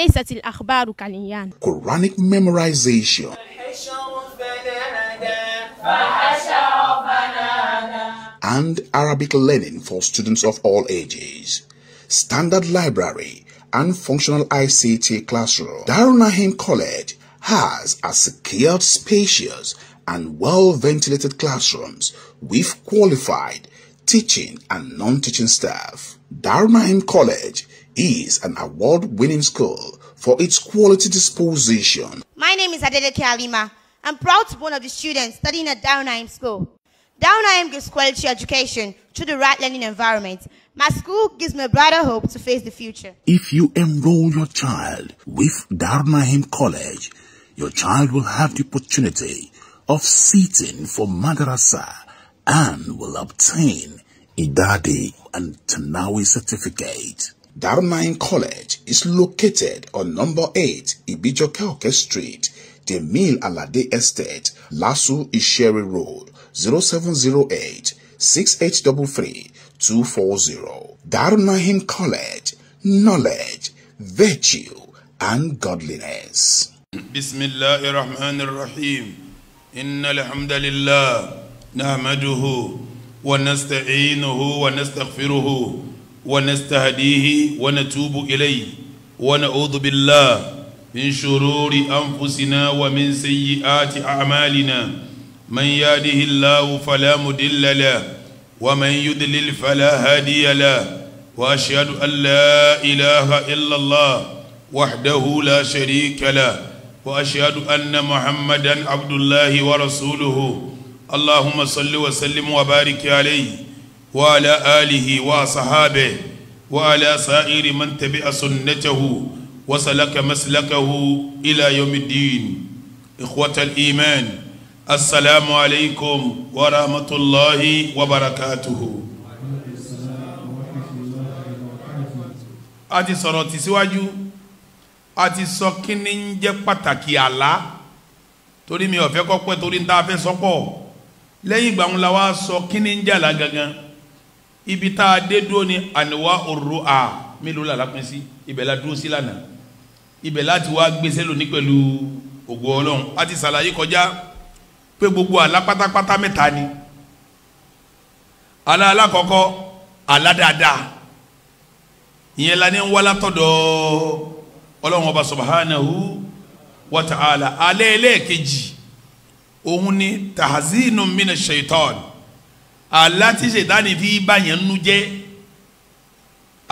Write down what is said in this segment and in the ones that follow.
ليست الأخبار Quranic memorization and Arabic learning for students of all ages, standard library and functional ICT classroom. Nahim College has a secured, spacious and well-ventilated classrooms with qualified teaching and non-teaching staff. Nahim College is an award-winning school for its quality disposition. My name is Adeleke Alima. I'm proud to be one of the students studying at Downheim School. Downheim gives quality education through the right learning environment. My school gives me a brighter hope to face the future. If you enroll your child with Darnaheim College, your child will have the opportunity of seating for madrasa and will obtain Idadi and Tanawi certificate. Darmine College is located on number 8 Ibijokeoke Street, the Mill Alade Estate, Lasu Ishere Road, 0708 6833 240. Darunahim College, knowledge, virtue, and godliness. بسم الله الرحمن الرحيم إن الحمد wa نحمده ونستعينه ونستغفره ونستهديه ونتوب إليه ونعوذ بالله من شرور أنفسنا ومن سيئات أعمالنا من يهده الله فلا مدل له ومن يدلل فلا هادي له وأشهد أن لا إله إلا الله وحده لا شريك له وأشهد أن محمدا عبد الله ورسوله اللهم صل وسلم وبارك عليه وعلى آله وصحابه وعلى سائر من تبع سنته وسلك مسلكه إلى يوم الدين إخوة الإيمان السلام عليكم ورحمة الله وبركاته a ti sọ̀rọ̀ tì síwájú a ti sọ kíni ń jẹ́ pàtàkì àlá torí mi ò fẹ́ torí ń tá a fẹ́ sọ́pọ̀ lẹ́yìn ìgbà wọn gangan ibi tá a dé dúró ni àníwá òru a mélòó la lápin sí ibẹ̀ la dúró sí lánàá ibẹ̀ láti wá gbèsè lónìí pẹ̀lú ògo ọlọ́run a ti ṣàlàyé kọjá pé gbogbo àlá pátápátá mẹ́ta ni àlá alákọ̀ọ́kọ́ àlá dáadáa ìyẹn la ní ń wá ọlọ́run ọba subhanahu wa ta'ala alẹ́ ẹlẹ́ẹ̀kejì òun ni tahazinu mina shaitan àlá tí ṣètánì fi báyẹn nú jẹ́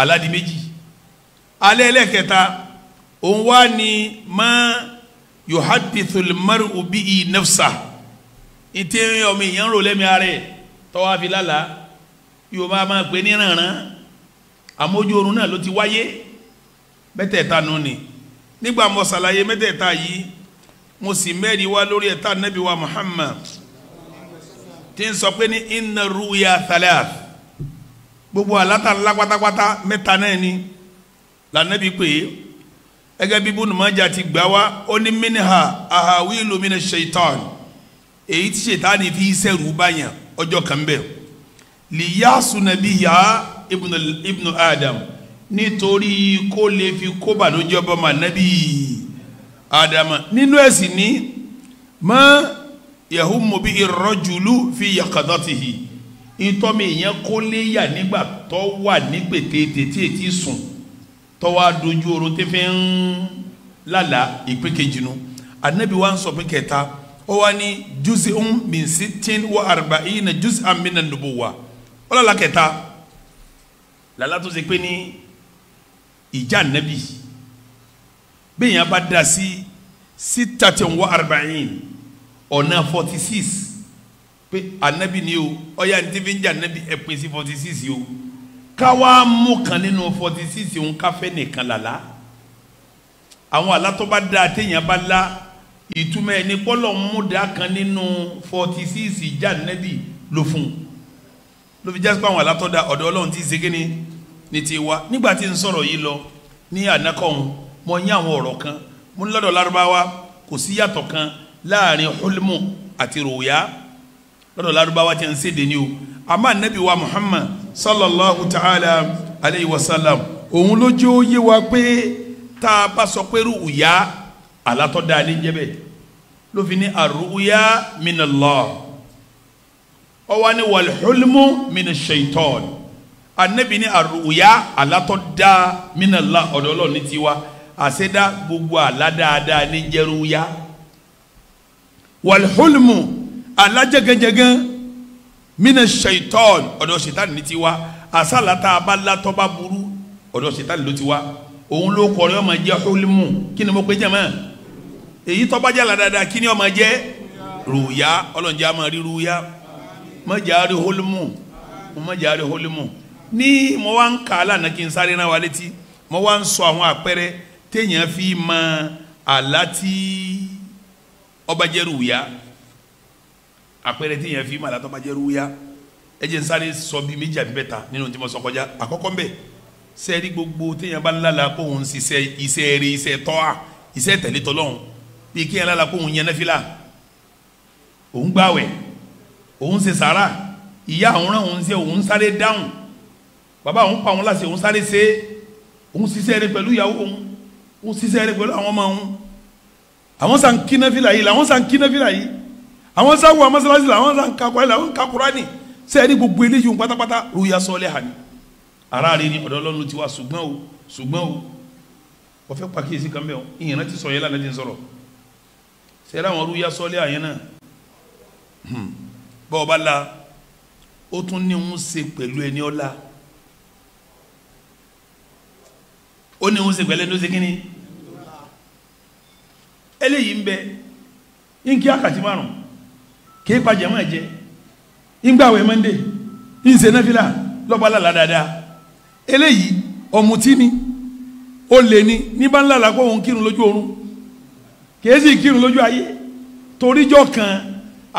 àlá di méjì alẹ́ ẹlẹ́kẹta òun wá ní ma yuhadithul mar'u bihi nafsa ìtí ọmọ èèyàn rò lẹ́mi ara ẹ̀ tọ́wọ́ fi lálàá yóò máa máa pè ní rànràn àmójú oorun náà ló ti wáyé mẹ́tẹ̀ẹ̀ta nù ni nígbà mo ṣàlàyé mẹ́tẹ̀ẹ̀ta yìí mo sì mẹ́rin wá lórí ẹ̀ta nẹ́bí wa Muhammad tí ń sọ pé ní inna ruya thalath gbogbo alátàlá pátápátá mẹ́ta náà ni lànàbí pé ẹgẹ́ bí Ibn Majah ti gbà wá ó ní minha ahawilu mina shaitan èyí tí shaitani fi sẹ́rù báyàn ọjọ́ kan bẹ́ẹ̀ liyasu nabiya ibnu adam nítorí kó lè fi kó bànújẹ́ bọ́mà nabi adam nínú ẹ̀sìn ní mọ́ yahumu bi irrajulu fi yakadatihi ìtọ́mi yẹn kó léyà nígbà tó wà ní gbètètè tí ètí sùn tó wà dojú oorun tí fi ń lálà ìpín kejì nu anabi wa ń sọ pé kẹta ó wà ní jùsì ń min sittin wa arba'ina jùsì amina nubuwa ó lálà kẹta lálà tó ṣe pé ní ìjà anabi bẹ́ẹ̀ yẹn bá da sí sittatin wa arba'ina ọ̀nà forty six pé anabi ni o ọ̀yà ní tíbi ń jẹ́ anabi ẹ̀ pín sí forty six o ká wá mú kan nínú forty six òun káfẹ́ nìkan làlá àwọn àlá tó bá dáa téèyàn bá lá ìtumọ̀ ẹni pọ́lọ̀ mú dáa kan nínú forty six ìjà anabi ló fún un ló fi jásí pé àwọn àlá tó dáa ọ̀dọ̀ ọlọ́run ti ṣe kíni ní ti wá nígbà tí n sọ̀rọ̀ yìí lọ ní ànákọ̀hún mo yín àwọn ọ̀rọ̀ kan mo lọ́dọ̀ lárúbáwá kò sí kan láàrin hulmu àti ròyà lọ́dọ̀ lárúbáwá tí ń séde ni o àmọ́ anabi wa muhammad sallallahu ta'ala alayhi wa sallam òun ló jẹ́ òye wa pé tá a bá sọ pé ròyà alátọ́dá alẹ́ jẹ́ bẹ́ẹ̀ ló fi ní ar-ru'ya min Allah anabi ní ar-ru'ya alátọ́dá min Allah ọ̀dọ́ tiwa àṣẹ́dá gbogbo àládáadáa ní jẹ́rúyà wàlhólmù alájẹgẹjẹgẹ mina ṣèitọ́n ọ̀dọ̀ ṣètàn ní ti wá àṣàlàtà abalatọ́ba buru ọ̀dọ̀ ṣètàn ló ti wá òun ló kọ̀ọ̀rọ̀ ọmọ jẹ́ hólmù kí ni mo pè jẹ́ mọ́ èyí tọ́ba jẹ́ àlàdàdà kí ni ọmọ jẹ́ rúyà ọlọ́njẹ́ àmọ́ rí rúyà mọ́jàre hólmù mọ́jàre hólmù ní mo wá ń kà á lànà kí náà wá létí mo wá ń sọ àwọn àpẹẹrẹ téèyàn fi mọ àlá ọba jẹrùúyà àpẹẹrẹ tí yẹn fi màlá tọba jẹrùúyà ẹ jẹ́ sáré sọ bíi méjì àbí mẹ́ta nínú tí mo sọ kọjá àkọ́kọ́ ń bẹ sẹẹri gbogbo téèyàn bá lálàá kó òun ṣiṣẹ́ iṣẹ́ rẹ̀ iṣẹ́ tọ́à iṣẹ́ tẹ̀lé tọlọ́run bíi kéèyàn lálàá kó òun yẹn nẹfìlà òun gbàwẹ̀ òun ṣe sàrà ìyá òun rán òun ṣe òun sáré dáhùn bàbá òun pa òun láṣẹ òun sáré ṣe òun ṣiṣẹ́ rẹ̀ pẹ̀lú ìyàwó òun òun ṣiṣẹ́ rẹ̀ pẹ̀lú àwọn ọmọ òun àwọn san kínáfìlà yìí làwọn san kínáfìlà yìí àwọn san wà mọ́sálásí làwọn san kakura làwọn kakura ni sẹ́ẹ̀rí gbogbo eléyìí wọn pátápátá ruya sọ́ọ́lẹ̀ hàn ara rẹ ni ọ̀dọ́ ọlọ́run ti wá ṣùgbọ́n o ṣùgbọ́n o wọ́n fẹ́ pàkíyèsí kan bẹ́ẹ̀ ìyẹn náà ti sọ yẹn lánàá ti ń sọ̀rọ̀ àwọn ruya sọ́ọ́lẹ̀ àyẹn náà hmm. bọ́ọ̀ bá la ó tún ní ń ṣe pẹ̀lú ẹni ọ̀la ó ní ń ṣe pẹ̀lú ẹni ó ṣe kínní eléyìí ń bẹ ń kí àkàtì márùn kí pa jẹ̀mọ́ ẹ̀jẹ̀ ń gbàwẹ̀ mọ́ndé ń ṣe náfìlà lọ́ba lálá dáadáa eléyìí ọ̀mùtí ni ó lè ní ní bá ń lálàá kó òun kírun lójú oorun kìí sì kírun lójú ayé toríjọ́ kan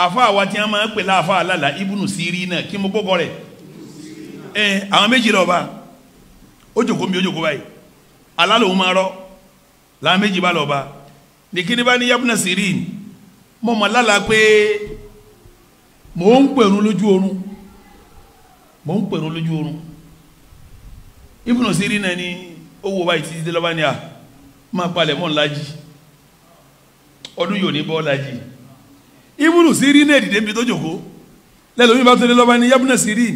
àfa àwa tí máa ń pè láàfa àlàlà ibùnú sírí náà kí mo kókọ rẹ̀ ẹ àwọn méjì lọ bá ó jòkó mi ó jòkó báyìí alálòun máa rọ làwọn méjì bá lọ bá nìkíní bá ní yabuna sirin mo mọ̀ lálàá pé mò ń pèrún lójú oorun mò ń pèrún lójú oorun ibùnà sirin náà ni ó wo báyìí títí lọ́ba ni à máa palẹ̀ mọ́ ńlájì ọdún yóò ní bọ́ lájì ibùnà sirin náà dìde mi tó jòkó lẹ́lọ́mí bá tó dé lọ́ba ni yabuna sirin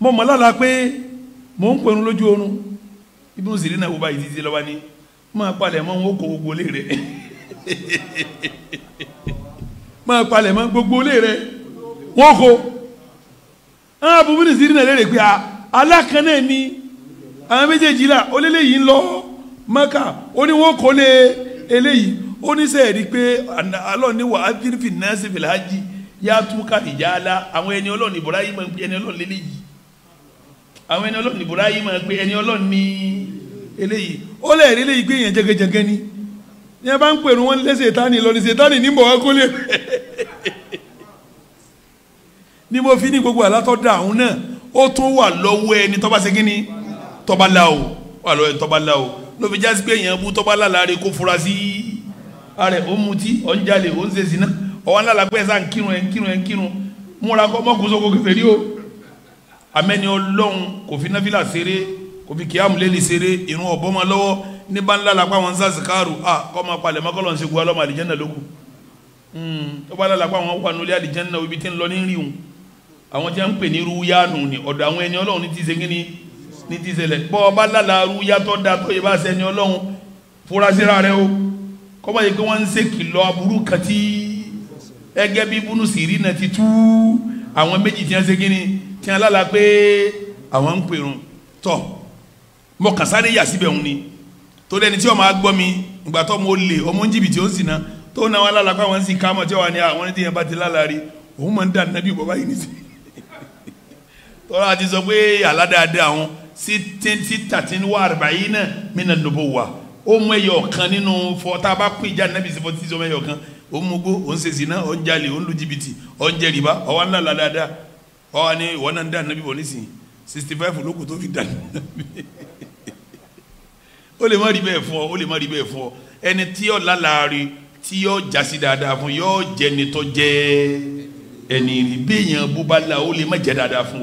mo mọ̀ lálàá pé mò ń pèrún lójú oorun ibùnà sirin náà wo báyìí títí lọ́ba ni máa palẹ̀ mọ́ ń wó kó gbogbo rẹ̀. máa palẹ̀ mọ́ gbogbo ilé rẹ̀ wọ́n kó àwọn àbúrò ní sírí náà lérè pé alákanná ni àwọn méjèèjì là ó lé léyìí ń lọ mọ́kà ó ní wọ́n kó lé eléyìí ó ní sẹ́ẹ̀ rí pé alọ́ọ̀ni wà á fi fi náà sí fìlà ájì yá túkà ìjà ala àwọn ẹni ọlọ́ọ̀ni ìbúra yìí máa ń pè ẹni ọlọ́ọ̀ni léyìí àwọn ẹni ọlọ́ọ̀ni ìbúra yìí máa ń pè ẹni ọlọ́ọ̀ni eléyìí ó lẹ́ẹ̀rí léyìí pé èèyàn jẹgẹjẹgẹ ni ní ẹ bá ń pèrún wọn lé sètánì lọ ní sètánì ní bọ̀wá kólé ni mo fi ní gbogbo àlátọ́dà àwọn náà ó tún wà lọ́wọ́ ẹni tó ṣe kínní tó la o wà lọ́wọ́ ẹni tó bá la o ló fi jásí pé èèyàn bú tó bá lálàá rẹ kó fura sí ààrẹ ó mutí ó ń jalè ó ń ṣe sìná ọwọ́n lálàá pé ẹ̀ sáà ń kírun ẹ̀ ń kírun ẹ̀ ń kírun múra kọ́ mọ́kùnso kò kẹfẹ́ rí o amẹ́ni ọlọ́run kò fi náfìlà ṣeré kò fi kíámù lélẹ̀ ṣeré ìrún ọ̀bọ́mọ lọ́wọ́ ní bá ń lála pa àwọn sáàsì káàrù à kọ́ máa palẹ̀ mọ́ kọ́lọ́ ń segin ọlọ́mọ àlìjẹ́nà lókù hmm, tó bá lála pa àwọn wà nulẹ̀ àlìjẹ́nà ibi tí ń lọ ní rí wọn àwọn tí wọ́n ń pè ní rúyáànù ni ọ̀dọ̀ àwọn ẹni ọlọ́run ní ti ṣe kíni ní ti ṣẹlẹ̀ bọ́ ọba lála rúyá tó da tó yẹ bá ṣe ẹni ọlọ́run fura síra rẹ o kọ́ bá yẹ kí wọ́n ń ṣe kìlọ̀ aburú kan ẹgẹ́ bí búnú sì rí ti tú àwọn méjì tí wọ́n ṣe kíni tí wọ́n lála pé àwọn ń pèrún tọ̀ mọ̀kànsáré yà síbẹ̀ òun ni torí ẹni tí ó máa gbọ́ mi ìgbà tó mo lè ọmọ ń jìbìtì ó sì ná tó náà wọn lálàpá wọn sì ká mọ tí wọn ni àwọn ẹni tí yẹn bá ti lálàrí òun máa ń dà nàbí bàbá yìí nìsí tọ́lá àti sọ pé àládáadé àwọn sí tẹ́ntì tàtín wà àrùbáyé náà mìíràn lóbó wà ó mú ẹyọ kan nínú fọ tá bá pín ìjà nàbí sí fọtí sọmọ ẹyọ kan ó mú gbó ó ń ṣe náà ó ń jalè ó ń lu jìbìtì ó ń jẹ rìbá ọwọ́ ńlá lálàdáadá ọ ó lè má rí bẹ́ẹ̀ fún ọ ó lè má rí bẹ́ẹ̀ fún ọ ẹni tí yọ lálàárí tí yọ jásí dáadáa fún yọ jẹni tó jẹ ẹni bẹ́ẹ̀yàn búbalà ó lè má jẹ dáadáa fún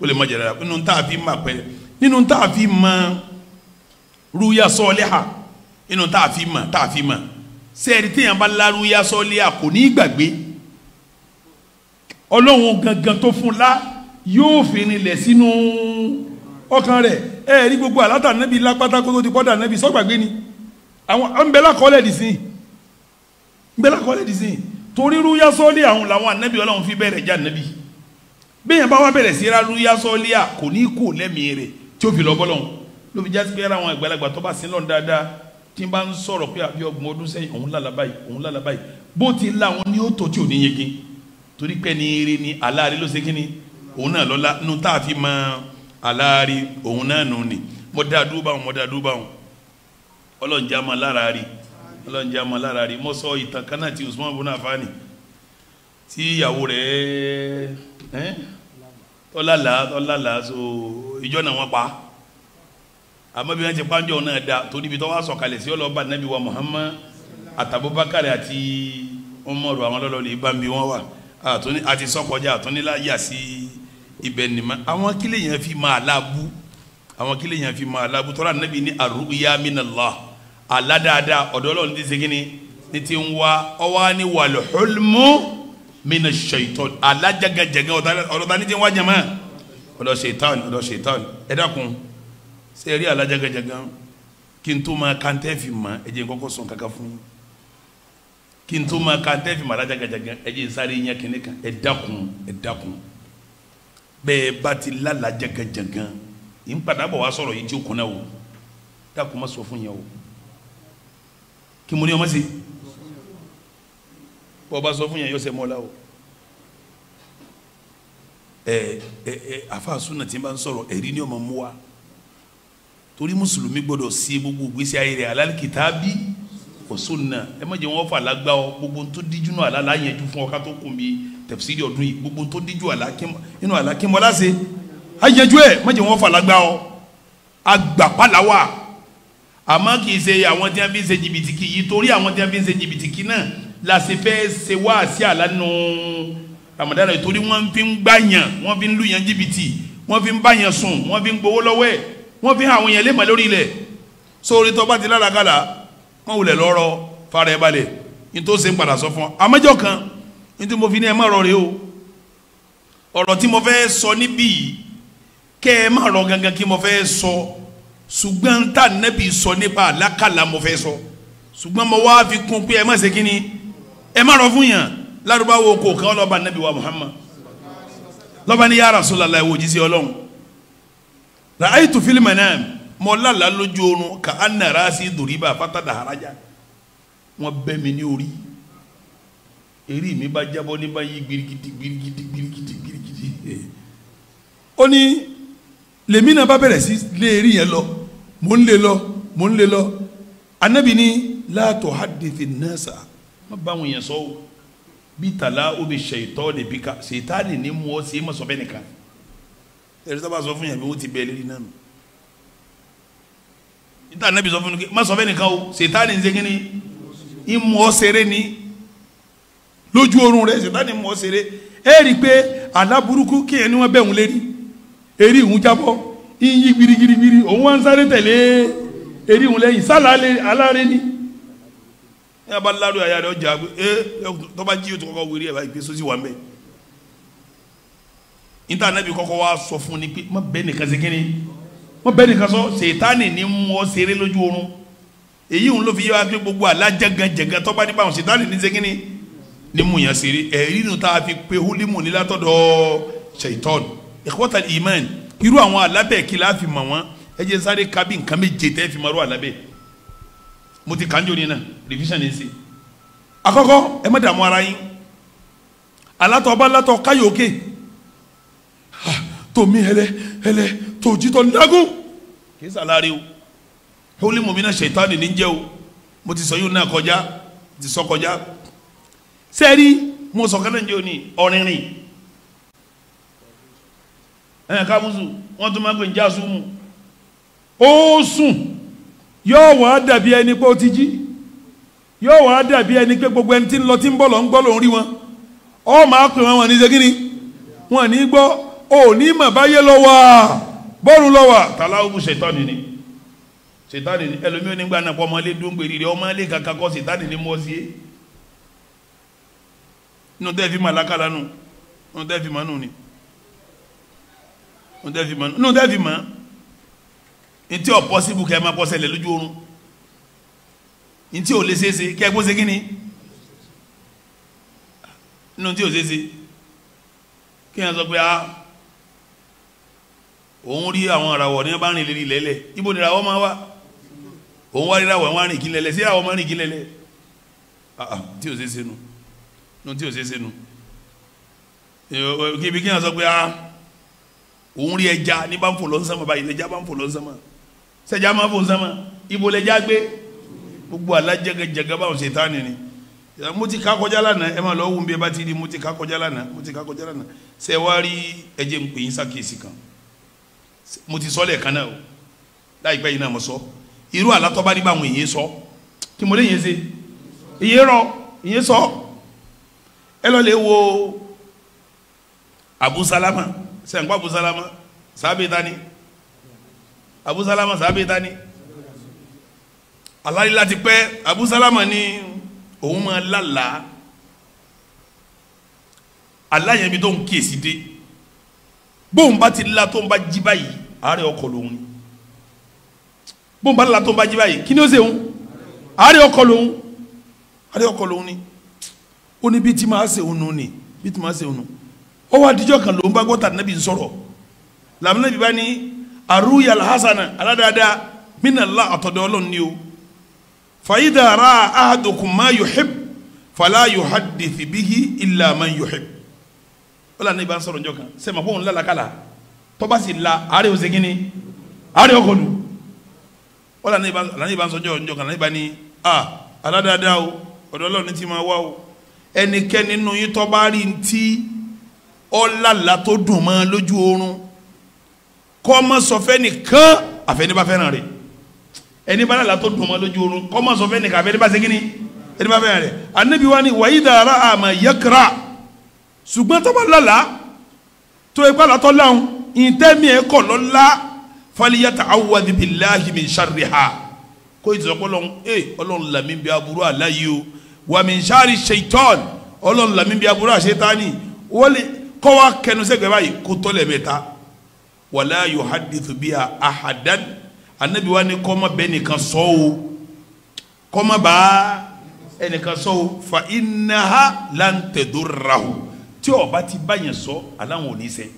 o ó lè má jẹ dáadáa nínú tá a fi máa pẹ nínú tá a fi máa rúyà sọ́ọ́lẹ́hà nínú tá a fi máa tá a fi máa sẹ́ẹ̀rì téèyàn bá lárúyà sọ́ọ́lẹ́hà kò ní í gbàgbé ọlọ́run gangan tó fún la yóò fi rinlẹ̀ sínú. Si no ọkàn rẹ̀ ẹ rí gbogbo àlátà nẹ́bí lápáta kó tó ti pọ́dà nẹ́bí sọ́gbàgbé ni àwọn ọ̀nbẹ́lá kọ́lẹ̀ dì sí ọ̀nbẹ́lá kọ́lẹ̀ dì sí torí rúyà sọ́ọ́lì àwọn làwọn ànẹ́bí ọlọ́run fi bẹ̀rẹ̀ já nẹ́bí bẹ́ẹ̀ bá wà bẹ̀rẹ̀ sí ra rúyà sọ́ọ́lì à kò ní kú lẹ́mìí rẹ̀ tí ó fi lọ bọ́lọ́run ló fi jásí pé ara àwọn ìgbàlagbà tó bá sí lọ́n dáadáa tí bá ń sọ̀rọ̀ pé àbí ọgbọ̀n ọdún sẹ́yìn òun lálàbáyì òun lálàbáyì bó ti la àwọn ní ó tó tí ò ní yege torí pé ní eré ni aláàrẹ ló ṣe kí ni òun náà lọ́la nu tá fi máa aláàrí òun náà nù ni mo dá a dúbà wọn mo dá ọlọ́njà máa lára ọlọ́njà máa lára rí ìtàn kan ti Usman bùnà fani tí ìyàwó rẹ̀ ẹ́ tọ́lálà tọ́lálà so ìjọ náà wọ́n pa àmọ́ bí wọ́n ti pàjọ́ náà da torí ibi tó wá sọ̀kalẹ̀ sí ọlọ́ba nàbí wa Muhammad àtàbúbakar àti Umaru àwọn ọlọ́lọ́ lè bá mi wọ́n wà àti sọ́kọjá àtúnilá yà sí. Si, ibẹ̀ ni ma àwọn kílẹ̀ yẹn fi máa lábu àwọn kílẹ̀ yẹn fi máa lábu tọ́lá nàbí ní arúgbóyá minallah àlá dáadáa ti segin ni ní ti ń wá ọwọ́ ni wal hulmu mina shaitan àlá jagajaga ọ̀dọ̀ta ní ti ń wá jama ọ̀dọ̀ shaitan ọ̀dọ̀ shaitan ẹ dákun ṣe eré àlá jagajaga kí n tó máa kàńtẹ́ fi mọ ẹ jẹ́ n kọ́kọ́ sọ̀n kankan fún yín kí n tó máa kàńtẹ́ fi mọ àlá jagajaga ẹ sáré yẹn kìnnìkan ẹ dákun ẹ bẹ́ẹ̀ bá ti lálà jẹgẹjẹgàn yìí ń padà bọ̀ wá sọ̀rọ̀ yìí tí ó kọ́nà o dákun má sọ fún yẹn o kí mo ní ọmọ sí bọ́ bá sọ fún yẹn yọ sẹ́ mọ́lá o ẹ ẹ ẹ àfa tí n bá ń sọ̀rọ̀ ẹ̀rí ni ọmọ mú wa torí mùsùlùmí gbọdọ̀ sí gbogbo gbèsè ayé rẹ̀ alálìkìtàbí wa sunna ẹ má jẹ́ wọn fà lágbá ọ gbogbo tó díjú náà àlá láyẹ̀jú fún ọ ká tó kùn bíi tẹ̀fisiri ọdún yìí gbogbo tó díjú inú alákímọ́lá ṣe ayẹjú ẹ̀ má jẹ́ wọn fàlágbá ọ agbàpálá wà àmọ́ kì í ṣe àwọn tí wọ́n fi ń ṣe jìbìtì kì í torí àwọn tí wọ́n fi ń ṣe jìbìtì kì náà la ṣe fẹ́ ṣe wá sí àlánú Ramadan rẹ̀ torí wọ́n fi ń gbàyàn wọ́n fi ń lùyàn jìbìtì wọ́n fi ń bàyàn sùn wọ́n fi ń gbowó lọ́wọ́ ẹ̀ wọ́n fi ń àwọn èèyàn lé màá lórí ilẹ̀ sórí tó bá ti lára kálá wọ́n wulẹ̀ lọ́rọ̀ fara ẹ̀ balẹ̀ ní tó ṣe ń padà sọ fún ọ àmọ́jọ́ kan nítorí mo fi ní ẹ má rọ rèé o ọ̀rọ̀ tí mo fẹ́ sọ níbí yìí kẹ́ ẹ má rọ gangan kí mo fẹ́ sọ ṣùgbọ́n tá nẹ́bí sọ nípa àlákàlà mo fẹ́ sọ ṣùgbọ́n mo wá fi kún pé ẹ má ṣe kí ni ẹ má rọ fún yàn lárúbáwò kò kàn lọ́ba nẹ́bí wa Muhammad lọ́ba ní ya Rasulullah ìwò jíṣẹ́ ọlọ́run ra'aytu fil manam mọ́ lálàá lójú oorun ka anna rasi duriba fatada haraja wọ́n bẹ́ mi ní orí yìí Eri mi ba jábọ́ ní báyìí gbirigidi gbirigidi gbirigidi gbirigidi ó ní lèmi náà bá bẹ̀rẹ̀ sí lé eré yẹn lọ mò ń lé lọ mò ń lé lọ anabi ní láàtọ̀ hadithi nasa má bá àwọn yẹn sọ o bí tàlá o bí ṣèyítọ́ lè bí ká ṣèyítánì ní mú ọ sí má sọ bẹ́ẹ̀ nìkan ẹ̀rí sábà sọ fún yẹn bí wọ́n ti bẹ̀ẹ́ lérí náà nù anabi sọ fún mi má sọ bẹ́ẹ̀ nìkan o ṣèyítánì ń ṣe kí ni ìmú ọ ṣeré ni lójú oorun rẹ ṣètánì mọ̀ ṣeré ẹ rí i pé aláburúkú kí ẹni wọn bẹ̀rù lérí eré ìhun jábọ́ iyì gbirigbirigbiri òun wọn sáré tẹ̀lé eré ìhun lẹ́yìn sálà aláré ni ní abá ládùn àyà rẹ ọjà ẹ tọ́ba jí òtún kọ́kọ́ wíri ẹ̀ báyìí pé sọ́sì wà mẹ́ níta anabi wa sọ fún ni pé má bẹ́ẹ̀ nìkan ṣe kínní má bẹ́ẹ̀ nìkan sọ ṣètánì ni mọ̀ ṣeré lójú oorun èyí ń lọ fi yẹ wá pé gbogbo àlájẹgànjẹgàn tọ́ba nípa àwọn ṣètánì ní ṣe Ni mu yẹn ṣeré ẹ̀rí nu tá a fi pe hulimu ní látọ̀dọ̀ ṣèitọ́nù ẹ̀kọ́ta ìmán irú àwọn alábẹ́ kí la fi mọ̀ wọ́n ẹ jẹ́ sáré kábí nǹkan méje tẹ́ fi mọ̀ ọ́rọ́ alábẹ́ mo ti kàńjọ ní revision ní sí. àkọ́kọ́ ẹ má dààmú ara yín alátọ̀ ọba alátọ̀ káyọ̀ọ́kẹ́ tòmí ẹlẹ ẹlẹ tòjítọ̀ ndágún kì í sàlárí o hulimu mi náà ṣèitọ́nù ní jẹ́ o mo ti sọ yóò náà kọjá ti sọ kọjá sẹ́rí mo sọ̀kẹ́ jẹ́ òní ọ̀rìnrìn ẹ̀yàn kábùsù wọ́n tún máa ń pè ó sùn ẹni pé ó ti jí yóò ẹni pé gbogbo ẹni tí ń lọ tí ń bọ̀ lọ ń gbọ́ rí wọn ọ máa pè wọn wọn ní segin wọn ní gbọ́ ò ní báyé lọ́wọ́ bọ́ọ̀lù tàlàwù ni ni ẹlòmíràn nígbà náà ọmọlé dúngbèrè ọmọlé kọ́ ni inú tẹ́ fi máa lákàlà nù inú tẹ́ fi máa nù ni inú tẹ́ fi máa nù inú tẹ́ fi máa ntí ọ̀ pọ́sibú kẹ́ ẹ máa pọ́sẹ̀ lẹ̀ lójú oorun ntí ò lè ṣeéṣe kẹ́ ẹ kó ṣe kí ni inú ntí ò ṣeéṣe kí ẹ sọ pé a ah, òun rí àwọn àràwọ̀ ní bá rìn lérí lẹ́lẹ̀ ibo ni ìràwọ̀ máa wá òun wá rí ìràwọ̀ wọn rìn kí lẹ́lẹ̀ sí ìràwọ̀ máa rìn kí lẹ́lẹ̀ ah, ah, tí ò ṣeéṣe nu. No nu tí o ṣe ṣe nu ibi kí n sọ pé ah òun rí ẹja ní bá ń fò lọ́sánmọ́ báyìí lẹ́jà bá ń fò lọ́sánmọ́ sẹ́jà máa ń fò sánmọ́ ibo lẹ́jà gbé gbogbo alájẹgẹjẹgẹ báwọn ṣe tán nìyí mo ti ká kọjá lánàá ẹ máa lọ wù mí ẹ bá ti rí mo ti ká kọjá lánàá mo ti ká kọjá lánàá ṣe wá rí ẹjẹ kan mo ti sọ lẹ́ẹ̀kan náà o mo sọ irú àlátọ́ bá nígbà àwọn èyí sọ kí mo lè yẹn ṣe èyí rọ èyí sọ ẹ lọ wo Abu Salama sẹ̀ǹkọ́ Abu Salama sábẹ́ tani Abu Salama sábẹ́ tani alalila ti pẹ́ Abu Salama ni òun máa lálàá aláyẹ̀mí tó ń kíyèsí dé bóun bá ti la tó ń bá jí báyìí àárẹ̀ ọkọ̀ lòun ni bóun bá la tó ń bá jí báyìí kí ni ó ṣe òun àárẹ̀ ọkọ̀ lòun àárẹ̀ ọkọ̀ ni ó ní bí tí máa ṣe òun nù ni bí tí máa ṣe òun nù ó wá dijọ́ kan ló ń bá gbọ́ta nàbì ń sọ̀rọ̀ làmúnàbí bá ní àrùyà alhassana aládàáda minallah àtọ̀dọ̀ ọlọ́run ni o fàyídà ra ahadukum ma yuhib fala yuhaddith bihi illa man yuhib ó là ní ibà ń sọ̀rọ̀ njọ́ kan sẹ́mi àpò òun lálàkàlà tọ́ba sì la àárẹ̀ òsè kínní àárẹ̀ òkòlù ó là ní ibà ń sọ̀rọ̀ njọ́ kan là ibà ní a aládàáda o ọ̀dọ̀ ọlọ́run ti máa wá o ẹnikẹ́ni nínú yín tó bá rí i tí ọ̀làlà tó dùn mọ́ lójú oorun kó má sọ fẹ́nìkan àfẹ́ni bá fẹ́ràn rẹ̀ ẹni bá làlà tó dùn mọ́ lójú oorun kó má sọ fẹ́nìkan àfẹ́ni bá segin ni ẹni bá fẹ́ràn rẹ̀ anabi wa ni wàyí dara àmà yẹkra ṣùgbọ́n tó làlà tó ipá làtọ́ láwọn ìtẹ́mi ẹ̀ kọ̀ lọ́la faliyata awwadi billahi min sharriha kó ìtìsọ́kọ́ lọ́n ẹ ọlọ́run làmì bí aburú àlàyé o wa min shari shaitan ọlọ́run làmì bí aburú àṣetáni wọ́n kọ́ wa kẹnu sẹ́gbẹ̀ẹ́ báyìí kó tọ́lẹ̀ mẹ́ta wala yuhadithu biha ahadan anabi wa ni kọ́mọ bẹ́ẹ̀ nìkan sọ o kọ́mọ bá ẹnìkan sọ o fa innaha lan tadurrahu tí o bá ti bá yẹn sọ aláwọn ò ní sẹ́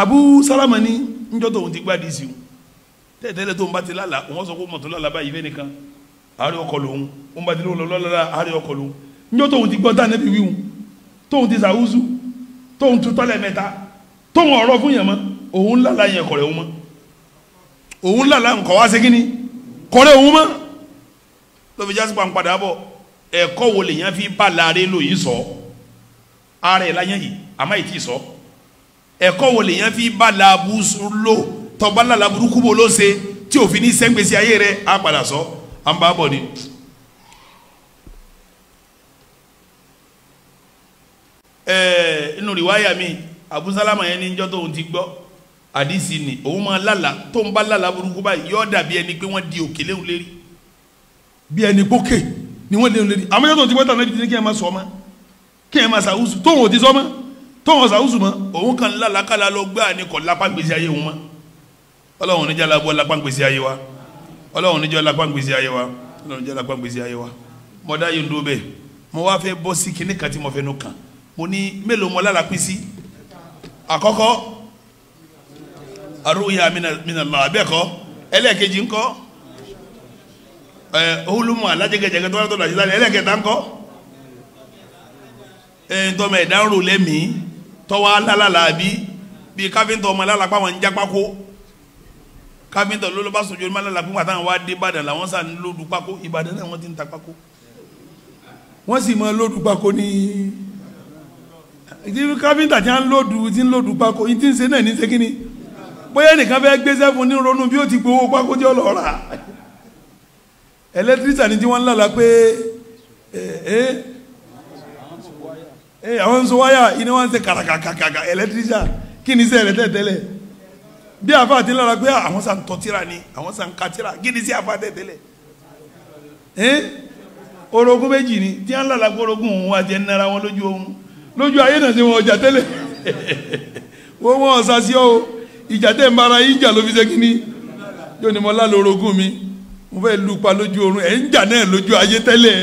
abu salamani njọ́ tó ń ti gbá di si o tẹ́tẹ́lẹ́ tó ń bá ti lálàá wọ́n sọ kó mọ̀tò lálàá báyìí fẹ́ nìkan àárẹ̀ ọkọ̀ lòun ó ń bá délé òun lọ́lọ́lá àárẹ̀ ọkọ̀ lòun níjọ́ tóun ti gbọ́ dánẹ́bí wíwù tóun ti sàwùsù tóun tu tọ́lẹ̀ mẹ́ta tóun ọ̀rọ̀ fún yẹn mọ́ òun lálá yẹn kọ̀rẹ́ òun mọ́ òun lálá nǹkan wá sí kínní kọ̀rẹ́ òun mọ́ lọ́fi jásí pa ń padà bọ̀ ẹ̀kọ́ wo lèyàn fi bá láàrin lò sọ ara ẹ̀ láyẹn yìí àmọ́ ìtì sọ ẹ̀kọ́ wo lèyàn fi bá làbú lò tọ́ba làlàbúrúkú bò ló ṣe tí òfin ní sẹ́ńgbèsè ayé rẹ̀ á padà sọ. So à ń bá bọ̀ ni. ẹ̀ẹ́ inú rìwáyà mi Abu Salama yẹn ní njọ́ tóun ti gbọ́ àdìsí ni òun máa lálàá tó ń bá lálàá burúkú báyìí yọ dàbí ẹni pé wọ́n di òkè léwu lérí bí ẹni gbókè ni wọ́n léwu lérí àmọ́ yọ́tọ̀ ti gbọ́ta náà ti ní kí ẹ máa sọ ọmọ kí ẹ máa sàwùsù tóun ò ti sọ ọmọ tóun ò sàwùsù mọ́ òun kàn lálàá kálá lọ gbáà ni kò lápá gbèsè ayé wọn mọ́ ọlọ́run níjà lábọ́ lápá gbèsè ayé wa ọlọ́run níjọ́ lápáǹgbèsè ayé wa ọlọ́run níjọ́ lápáǹgbèsè ayé wa mo dá yín dúró bẹ́ẹ̀ mo wá fẹ́ bọ́ sí kinní kan tí mo fẹ́ nu kàn mo ní mélòó mo lára pín sí àkọ́kọ́ arúgbóyà minallah abẹ́ẹ̀kọ́ ẹlẹ́ẹ̀kejì ńkọ́ ẹ olùmọ alájẹgẹjẹgẹ tó wà tó làjẹlá ẹlẹ́ẹ̀kẹta ńkọ́ ẹ ntọ́mọ ẹ̀dá ń rò lẹ́mìí tọ́wọ́ alálàlà bí bí káfíńtọ́ ọmọ alálàpá wọn ń jápákó káfíńtà ló ló bá sojú onímọ̀ lálàpín wà táwọn wá dé ìbàdàn làwọn sàn lódù pákó ìbàdàn náà wọ́n ti ń ta pákó wọ́n sì mọ lódù pákó ní káfíńtà tí wọ́n lódù tí ń lódù pákó yìí ti ń ṣe náà ní sẹ́kínì bóyá nìkan fẹ́ gbé sẹ́fún ní ronú bí ó ti gbowó pákó tí ó lọ rà ẹlẹ́tírísà ni tí wọ́n ń lálà pé àwọn ń so wáyà iná wọn ń ṣe kàràkàkàkà ẹlẹ́tírísà kí ni sẹ́ ẹ̀rẹ́ tẹ́tẹ́lẹ̀ bí afa àti ńlára pé àwọn sàn tọ́ tíra ni àwọn sàn ka tíra gidi sí àfa tẹ̀tẹ̀lẹ̀ ẹ́n orogún méjì ni tí wọ́n lára pé orogún òun àti ẹni nara wọn lójú ohun lójú ayé náà ṣe wọn ọjà tẹ́lẹ̀ wọ́n wọ́n ọ̀sà sí ọ́ ìjà tẹ̀ ń bára yín jà ló fi ṣe kínní yóò ní mo lálẹ́ orogún mi mo fẹ́ lu pa lójú oorun ẹ̀ ń jà náà lójú ayé tẹ́lẹ̀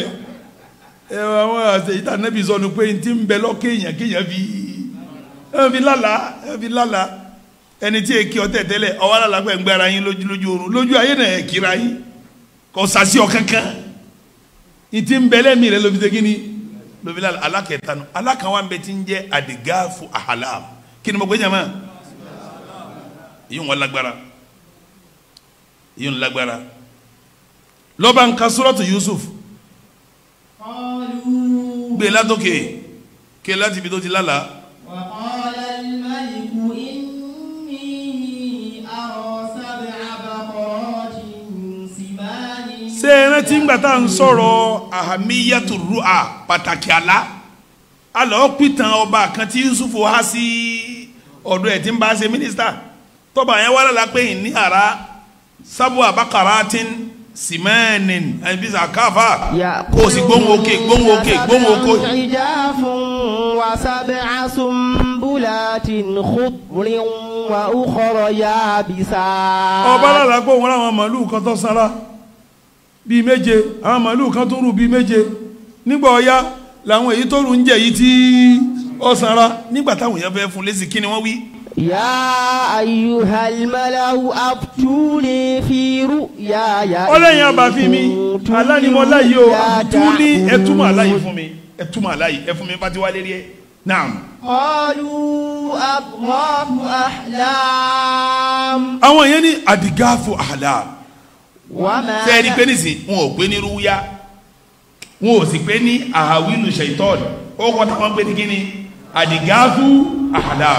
ẹ àwọn àṣẹ ìtànẹ́bí sọnù pé ti ń bẹ lọ́kẹ́yìn kéèyàn fi ẹ fi lálàá ẹ fi lálàá ẹni tí èkì ọtẹ tẹlẹ ọwọ alálàgbẹ ń gbára yín lójú lójú oorun lójú ayé náà ẹkìra yín kò sàṣì ọ̀kankan ìtì ń mi rẹ lóbi tẹ kíni lóbi lálẹ alákẹta nu alákàwá ń bẹ ti ń jẹ àdìgáàfù àhàlàm kí ni mo gbé wọn e e ti lálàá. ṣé rántí ńgbà tá à ń sọ̀rọ̀ ahamiyatu ru'a pàtàkì àlá àlọ́ pìtàn ọba kan tí Yusuf há sí ọ̀dọ̀ ẹ̀ tí ń bá ṣe mínísítà tọ́ba yẹn wálé la pé ìní àrá sábò àbákàràtín simẹ́ẹ̀nìn ẹ̀bí sàkáfà kó o sì gbóhùn òkè ọba lára pé òun làwọn màlúù kan tó bíi méje àwọn màálù kan tó rù bíi méje nígbà ọ̀yá làwọn èyí tó rù ń jẹ yìí tí ó sanra nígbà táwọn èèyàn fẹ́ fún lésì kí ni wọ́n wí. يا أيها الملأ أفتوني في رؤياي ọlẹ́yìn àbàfin mi alánimọ̀lá yìí o àtúlí ẹ̀túmọ̀ aláyìí fún mi ẹ̀túmọ̀ aláyìí ẹ̀fún mi bá ti wá lérí ẹ̀ naam. قالوا أضغاث أحلام. àwọn yẹn ní àdìgáàfù àhàlám ṣe ẹni pé nísìn wọn ò pé ní rúwúyá wọn ò sì pé ní àhàwínú ṣèitọ́n ó kọ́ táwọn pé ní kíni àdìgáfú àhàlà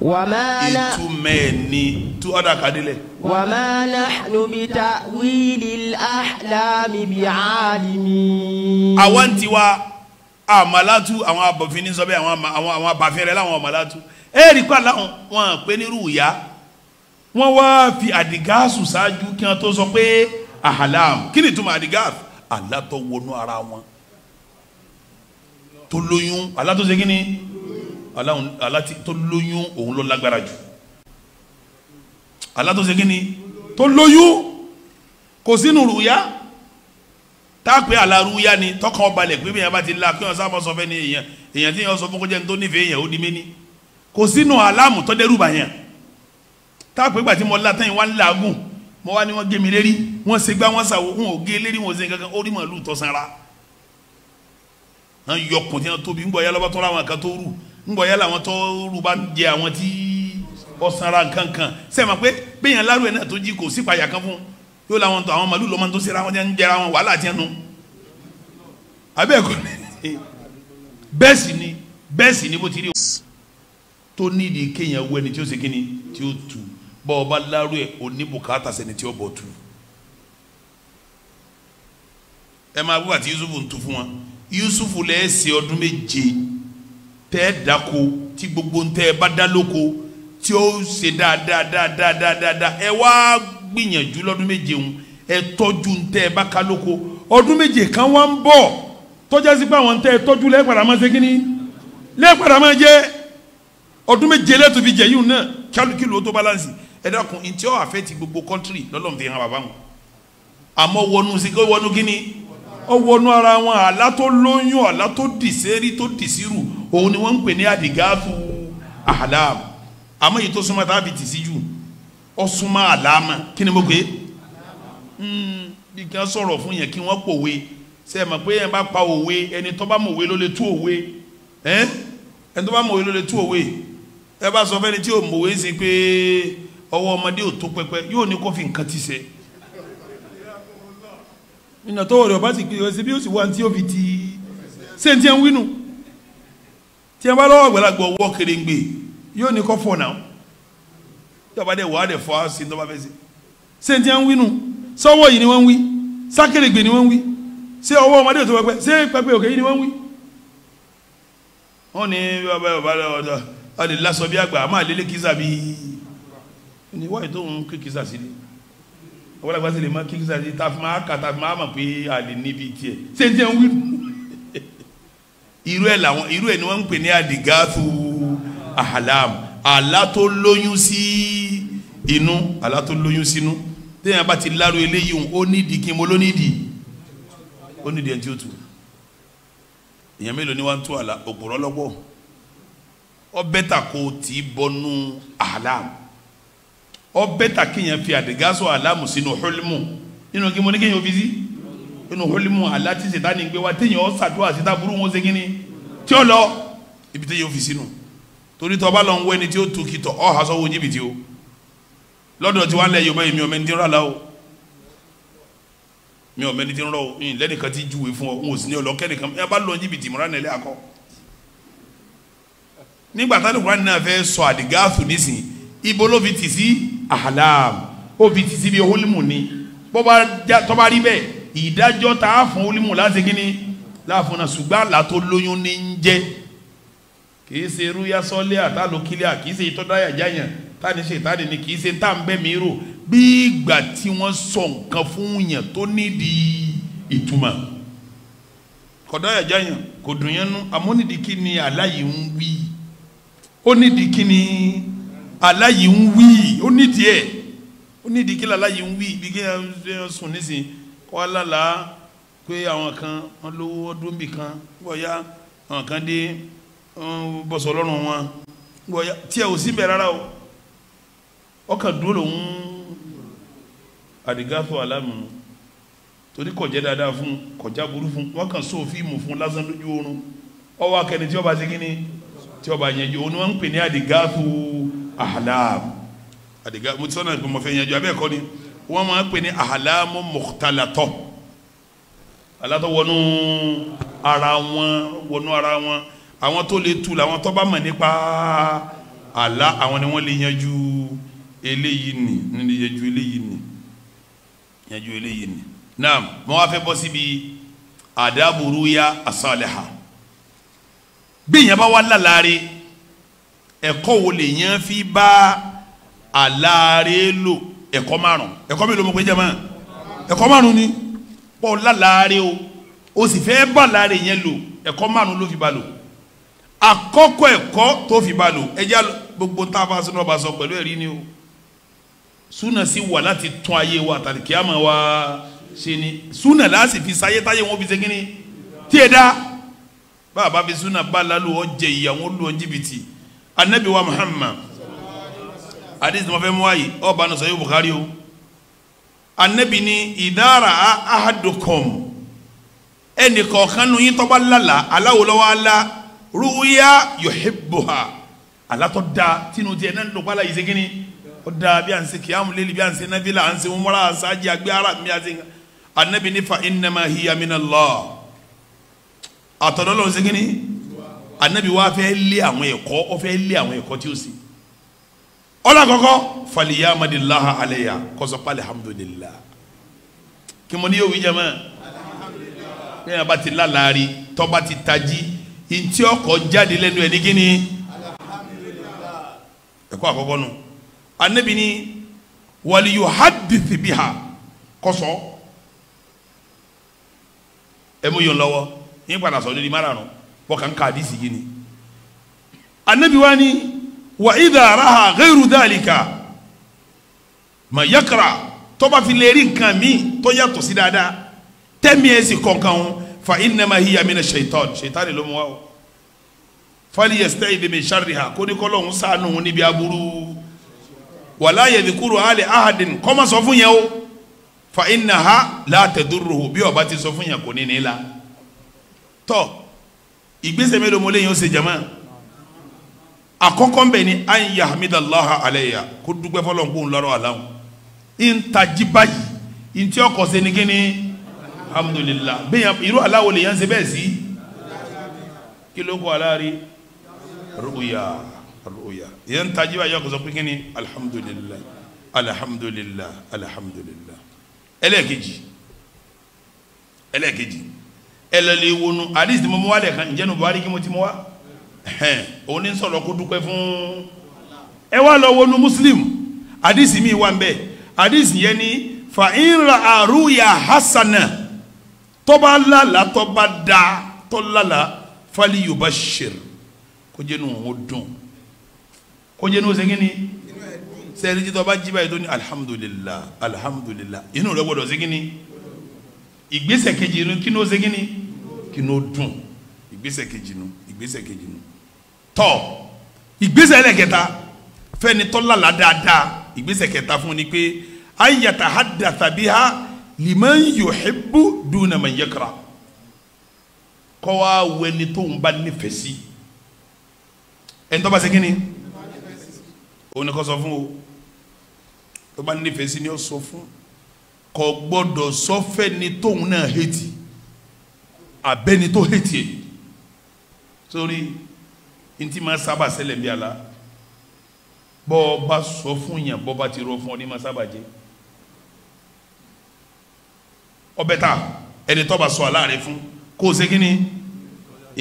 ìtumẹ̀ ni tú ọ̀dà kadìlẹ̀. wàmà nàánú bí ta wíìlì àhàlámì bí àlìmí. àwọn tiwa àmàlátú àwọn abọ̀fin ní sọ́bẹ̀ àwọn àbàfin rẹ̀ láwọn àmàlátú ẹ̀ẹ́dì pa láwọn wọn pé ní rúwúyá wọ́n wá fi àdìgáàsù ṣáájú kí wọ́n tó sọ pé ahalam kí ni ìtumọ̀ àdìgáàsù alátọ̀ wọnú ara wọn tó lóyún alátọ̀ ṣe kí ni aláti tó lóyún òun ló lágbára jù alátọ̀ ṣe kí ni tó lóyún kò sínú rúyà táàpẹ́ àlàrúyà ni tọkàn balẹ̀ pé bẹ́ẹ̀ bá ti la kí wọ́n sábà sọ fẹ́ ni èèyàn èèyàn tí wọ́n sọ fún kó jẹ́ ní tó nífẹ̀ẹ́ èèyàn ó di méní kò sínú alámù tọ́dẹ́rù bàyàn táàpù ìgbà tí mo la tẹ́yìn wá ń làágùn mo wá ní wọ́n gé mi lérí wọ́n ṣe gbá wọ́n ṣàwò wọn ò gé lérí wọn ò ṣe kankan ó rí màálù tọ́sán ra wọn yọkùn tí wọn tóbi ńgbọ yálà wọn tó ra àwọn kan tó rù ńgbọ yálà wọn tó rù bá jẹ àwọn tí ọ̀sán ra kankan sẹ́mi pé bẹ́ẹ̀ yẹn lárú ẹ̀ náà tó jí kò sí payà kan fún yóò láwọn tó àwọn màálù lọ́mọ tó ṣera wọn jẹ́ ra wọn wàhálà tiẹ̀ nu abẹ́ẹ̀kọ́ bẹ́ẹ̀ sì ni bẹ́ẹ̀ sì ni bó ti rí bọ́ ọba lárú ẹ̀ òní bùkátà sẹ́ni tí ó bọ̀ tu ẹ máa bí wàtí Yusufu ń tu fún wa Yusufu lẹ́ ṣe ọdún méje tẹ́ ẹ dáko tí gbogbo ń tẹ́ ẹ bá dá lóko tí ó ṣe dáadáa dáadáa dáadáa ẹ wá gbìyànjú lọ́dún méje ń ẹ tọ́jú ń tẹ́ ẹ bá ká lóko ọdún méje kan wá ń bọ̀ tọ́jà sí pé àwọn ń tẹ́ ẹ tọ́jú lẹ́ẹ̀pàdà máa ṣe kínní lẹ́ẹ̀pàdà máa jẹ́ ọdún méje lẹ́tọ̀ọ́ fi jẹ̀yìn náà kálukílù ó tó bálánsì ẹ dákun ntí ọ àfẹ́ ti gbogbo kọ́ńtírì lọ́lọ́run fi hàn bàbá wọn àmọ́ wọnú sí kó wọnú kíni ọ wọnú ara wọn àlá tó lóyún àlá tó dìsẹ́rí tó dìsírù òun ni wọ́n ń pè ní àdìgáàfù àhàlám àmọ́ èyí tó súnmọ́ tá a fi tì sí jù ọ súnmọ́ àlámà kí ni mo pè é hmm, bí kí wọ́n sọ̀rọ̀ fún yẹn kí wọ́n pòwe ṣe é mọ̀ pé yẹn bá pa òwe ẹni tó bá mọ̀ ló lè tú òwe ẹni tó bá mọ̀ ló lè tú òwe ẹ bá sọ fẹ́ni tí ò mọ̀ sí pé ọwọ́ ọmọdé ò tó pẹ́pẹ́ yóò ní kó fi nǹkan ti sẹ́ nínú tọwọ́ rẹ̀ ọba sì pé ọ̀sẹ̀ bí ó sì wá tí ó fi ti ṣé n tí ń wínú tí ń bá lọ́wọ́ àgbàlagbà ọwọ́ kéréngbè yóò ní kó fọ̀ náà tí ọba dẹ̀ wàá dẹ̀ fọ́ á sí ní ọba fẹ́ sí ṣé n tí ń wínú sọ́wọ́ yìí ni wọ́n ń wí sákèrègbè ni wọ́n ń wí ṣé ọwọ́ ọmọdé ò tó pẹ́pẹ́ ṣé pẹ́pẹ́ òkè yìí ni wọ́n ń wí wọ́n ní bàbá bàbá lọ́wọ́ ọ̀dọ̀ ní wáyé tó ń kí kìsà sí ni ọwọ́n àgbà sí lè má kí kìsà sí ma máa kà tàfi máa mọ̀ pé àlè níbi tiẹ̀ ṣé tiẹ̀ ń wí irú ẹ̀ làwọn irú ẹ̀ ni wọ́n ń pè ní àdìgáàtú àhàlám àlá tó lóyún sí inú àlá tó lóyún sínú téèyàn bá ti láró eléyìí òun ó nídìí kí n mo ló nídìí ó nídìí ẹni tí ó tù èèyàn mélòó ni wọ́n tún àlá òpòrọ́ lọ́pọ̀ ọ bẹ́tà kó tì í bọnú àhàlám ọbẹ̀ ta kéèyàn fi àdìgásọ aláàmù sínú hólímù nínú kí mo ní kéèyàn fi sí nínú hólímù aláti ṣètá ní gbé wa téèyàn ó ṣàdúrà síta burú wọn ṣégin ni tí ó lọ ibi téèyàn fi sínú torí tọ́ lọ ń wọ ẹni tí ó tu kìtọ̀ ọ́ aṣọ wo jìbìtì o lọ́dọ̀ tí wọ́n lẹ yorùbá yìí mi ò mẹ́ni tí ń rà lá o mi ò mẹ́ni tí ń rọ o lẹ́nìkan ti júwe fún ọ n ò sí ní ọlọ́kẹ́nìkan ẹ bá lọ jìbìtì mọ́ra nílẹ̀ akọ nígbà tá a lè kúrò náà fẹ́ sọ àdìgásù nísìnyí ibo ló fi tì sí ahlam ó fi tì sí bí hólímù ni tó bá rí bẹ́ẹ̀ ìdájọ́ tá a fún hólímù láti kí ni láàfún náà ṣùgbọ́n àlá tó lóyún ní ń jẹ́ kìí ṣe rúyà sọ́lé àtàlókílẹ̀ kìí ṣe ìtọ́dáyà jáyàn táni ṣe táni ni kìí ṣe tá à ń bẹ́ mi rò bí ìgbà tí wọ́n sọ nǹkan fún yàn tó nídìí ìtumọ̀ kọ̀dáyà jáyàn kò dùn yẹn nú àmọ́ nídìí kí ni àlá yìí ń wí ó nídìí kí ni aláyìí ń wí ó nídìí ẹ̀ ó nídìí kí aláyìí ń wí bí kí ẹ sùn nísìn kọ́ alálà pé àwọn kan wọn lówó ọdún bì kan bọ́yá àwọn kan dé bọ́sọ̀ lọ́rùn wọn bọ́yá tí ẹ ò sí bẹ̀ rárá o ọkàn dúró lòún àdìgáfọ̀ alámùnú torí kò dáadáa fún kò burú fún wọ́n kàn sóò fíìmù fún lásán lójú oorun ọwọ́ akẹni tí ọba ṣe kínní tí ọba yẹn jù òun ni wọ́n ń pè ní àdìgáfọ̀ ahlam adiga mo ti sọ́nà ìpamọ́ fẹ́ yanjú abẹ́ẹ̀kọ́ ni wọ́n máa ń pè ní ahlamu mukhtalatọ alatọ wọnú ara wọn wọnú ara wọn àwọn tó lè tu làwọn tó bá mọ̀ nípa àlá àwọn ni wọ́n lè yanjú eléyìí ni nílé yanjú eléyìí ni yanjú eléyìí ni naam mo wá fẹ́ bọ́ síbi àdàbùrú ya asaliha bí ìyẹn bá wà lálàárí ẹ̀kọ́ wo lè yẹn fi bá àlàáre lò ẹ̀kọ́ márùn ẹ̀kọ́ mélòó mo pé jẹ́ mọ́ ẹ̀kọ́ márùn ni pọ̀ lálàáre o o sì fẹ́ bá àlàáre yẹn lò ẹ̀kọ́ márùn ló fi bá lò àkọ́kọ́ ẹ̀kọ́ tó fi bá lò ẹja gbogbo tá a bá sọ́nà ọba sọ pẹ̀lú ẹ̀rí ni o súnà sí wà láti tún ayé wa àtàlì kíámà wa ṣe ni súnà láti fi sáyé táyé wọn fi ṣe kínní tí ẹ dá bá fi súnà bá a ọ jẹ ìyàwó lò ọ jìbìtì anabi wa muhammad hadith mọfẹ mu ayi ọba nasa yi bukhari o anabi ni idara ahadukom ẹnì kọ̀ọ̀kan nu yín tọ́ba lala aláwòlọ́wọ́ ala ruya yohibuha alatọ́ da tinu tiẹ̀ náà lọ́gbà la yìí segin ni ó da bí a ń ṣe kìámu lélí bí a ń ṣe nabila à ń ṣe mọ́ra à ń ṣe ajé àgbé ara mi à ń ṣe anabi ni fa innama hiya minallah àtọ̀dọ́ segin ni anabi wa fẹ́ lé àwọn ẹ̀kọ́ ó fẹ́ lé àwọn ẹ̀kọ́ tí ó sì ọlọ àkọ́kọ́ faliyamadilaha aleya kọsọ pa alihamudulilayi kí mo ní yóò wí jẹ mọ bí wọn bá ti lálàárí tó bá ti tají ntí ọkọ jáde lẹ́nu ẹ ní kíni ẹ̀kọ́ àkọ́kọ́ anabi ni waliyu hadithi biha kọsọ ẹ mú yọ yín padà sọ ní di márùn wọ́n kàn ká àdìsí yìí ni anabi wa ni wa idha raha ghayru dhalika mà yakra tọ́ba fi lè rí nǹkan míì tó yàtọ̀ sí dáadáa tẹ́mi ẹ̀ sì kọ̀ọ̀kan o fa innama hiya mina shaitan shaitan ló mú wa o fali yasta'idh min sharriha kó ní kọ́lọ́ ń wala yadhkuru ali ahadin kọ́mọ sọ fún o fa innaha la tadurruhu bí ọba ti sọ fún yẹn kò ní la tọ́ ìgbésẹ̀ mélòó mo léyìn ó ṣe jama àkọ́kọ́ ń bẹ ni an yahmidallaha alayya kó dúpẹ́ fọlọ́n kó ń lọ́rọ̀ aláwọ̀ ń tají báyìí ntí ọkọ̀ ṣe ni kíni alhamdulillah bẹ́ẹ̀ irú aláwọ̀ lè yẹn ṣe bẹ́ẹ̀ sí kí ló kọ́ aláàrí rúùyà rúùyà yẹn ń tají báyìí ọkọ̀ sọ pé kíni alhamdulillah alhamdulillah alhamdulillah ẹlẹ́ẹ̀kejì ẹlẹ́ẹ̀kejì ẹlẹ́lẹ́ wọnú àdìs tí mo mú wá lẹ̀ kan ìjẹ́nu buhari kí mo ti mú wá òun ní sọ̀rọ̀ kó dúpẹ́ fún ẹ wá lọ wọnú muslim àdìs mi wà ń bẹ àdìs yẹn ni fa ìnra àrùyà hasana tọ́ba lálà tọ́ba da tọ́lálà fali yubashir kó jẹ́nu òun dùn kó jẹ́nu òun segin ni sẹ́yìn tí tọ́ba jí báyìí tó ní alihamudulilayi alihamudulilayi inú rẹ̀ segin ni ìgbésẹ̀ kejì nu kí ni ó segin ni kí ni ó dùn ìgbésẹ̀ kejì nu ìgbésẹ̀ kejì nu tọ ìgbésẹ̀ ẹlẹ́kẹta fẹ́ni tọ́lá la dáadáa ìgbésẹ̀ kẹta fún ni pé ayyata hadatha biha liman yuhibbu duna man yakra kọ́ wa wẹni tóun bá nífẹ̀ẹ́ sí ẹni tó bá segin ni òun ni kò sọ fún o tó bá nífẹ̀ẹ́ sí ni ó sọ fún o kò gbọ́dọ̀ sọfẹ ni tóun náà hẹtì abẹni tó hẹtì ẹ sórí ntí máa sábà ṣẹlẹ̀ bí ala bọ́ ọ bá sọ fún yàn bọ́ bá ti rọ fún ọ ní máa sábà jẹ ọbẹ̀ ta ẹni tó bá sọ aláàrẹ fún kó o ṣe kí ni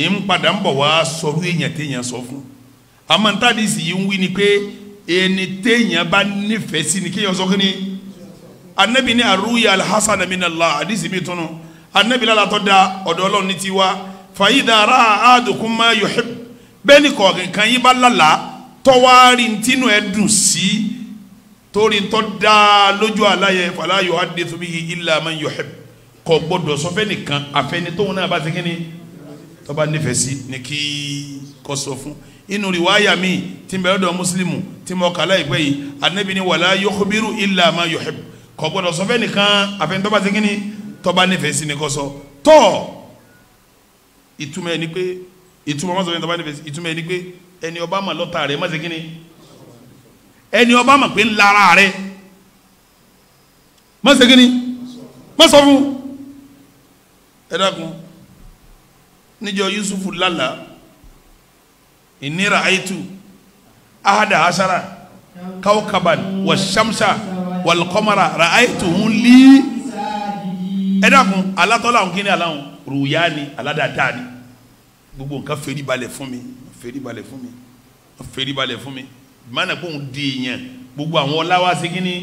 ì ń padà ń bọ̀ wá sọrú èèyàn téèyàn sọ fún amantadisi yìí ń wí ni pé ẹni téèyàn bá nífẹ̀ẹ́ sí ni kéèyàn sọ kí ni anabi ní aruya alhassan minallah hadisi mi tunu anabi lalatọ da ọ̀dọ̀ Ọlọ́run ní tiwa fàyídàrá àdùkúnmá yuhib bẹ́ẹ̀ni kọ̀ọ̀kan yín bá lálà tọ́wárí ntínú ẹ̀ dùn sí torí ntọ́ da lójú àlàyé fàlà yóò hadithu bihi illa man yuhib kò gbọdọ̀ sọfẹ́ nìkan àfẹ́ni tóun náà bá ti kíni tọ́ba nífẹ̀ẹ́ sí ni kí kò fún inú riwaya mi tí n bẹ̀rẹ̀ dọ̀ mùsùlùmù tí mo kà anabi ni wàlá yukhbiru illa man yuhib kò gbọdọ̀ sọ fẹ́ nìkan àfẹnudọ́ba ṣe kínní tọ́ba nífẹ̀ẹ́ sí ni kò sọ tọ́ ìtumọ̀ ẹni pé ìtumọ̀ ọmọ sọ fẹ́ tọ́ba nífẹ̀ẹ́ sí ìtumọ̀ ẹni pé ẹni ọba mà lọ́ta rẹ̀ má ṣe kínní ẹni ọba mà pé ńlára rẹ̀ má ṣe kínní má sọ fún ẹ Yusufu lálàá ìnira àìtù ahada asara kawkaban wa shamsa wàlùkọ́mọ́ra rà àìtò ń lí ẹ dákun alátọ́lá òun kíni aláwọn ròyà ni aládàáda ni gbogbo nǹkan fèrè balẹ̀ fún mi fèrè balẹ̀ fún mi fèrè balẹ̀ fún mi mánà kó ń di yẹn gbogbo àwọn ọláwá sí kíni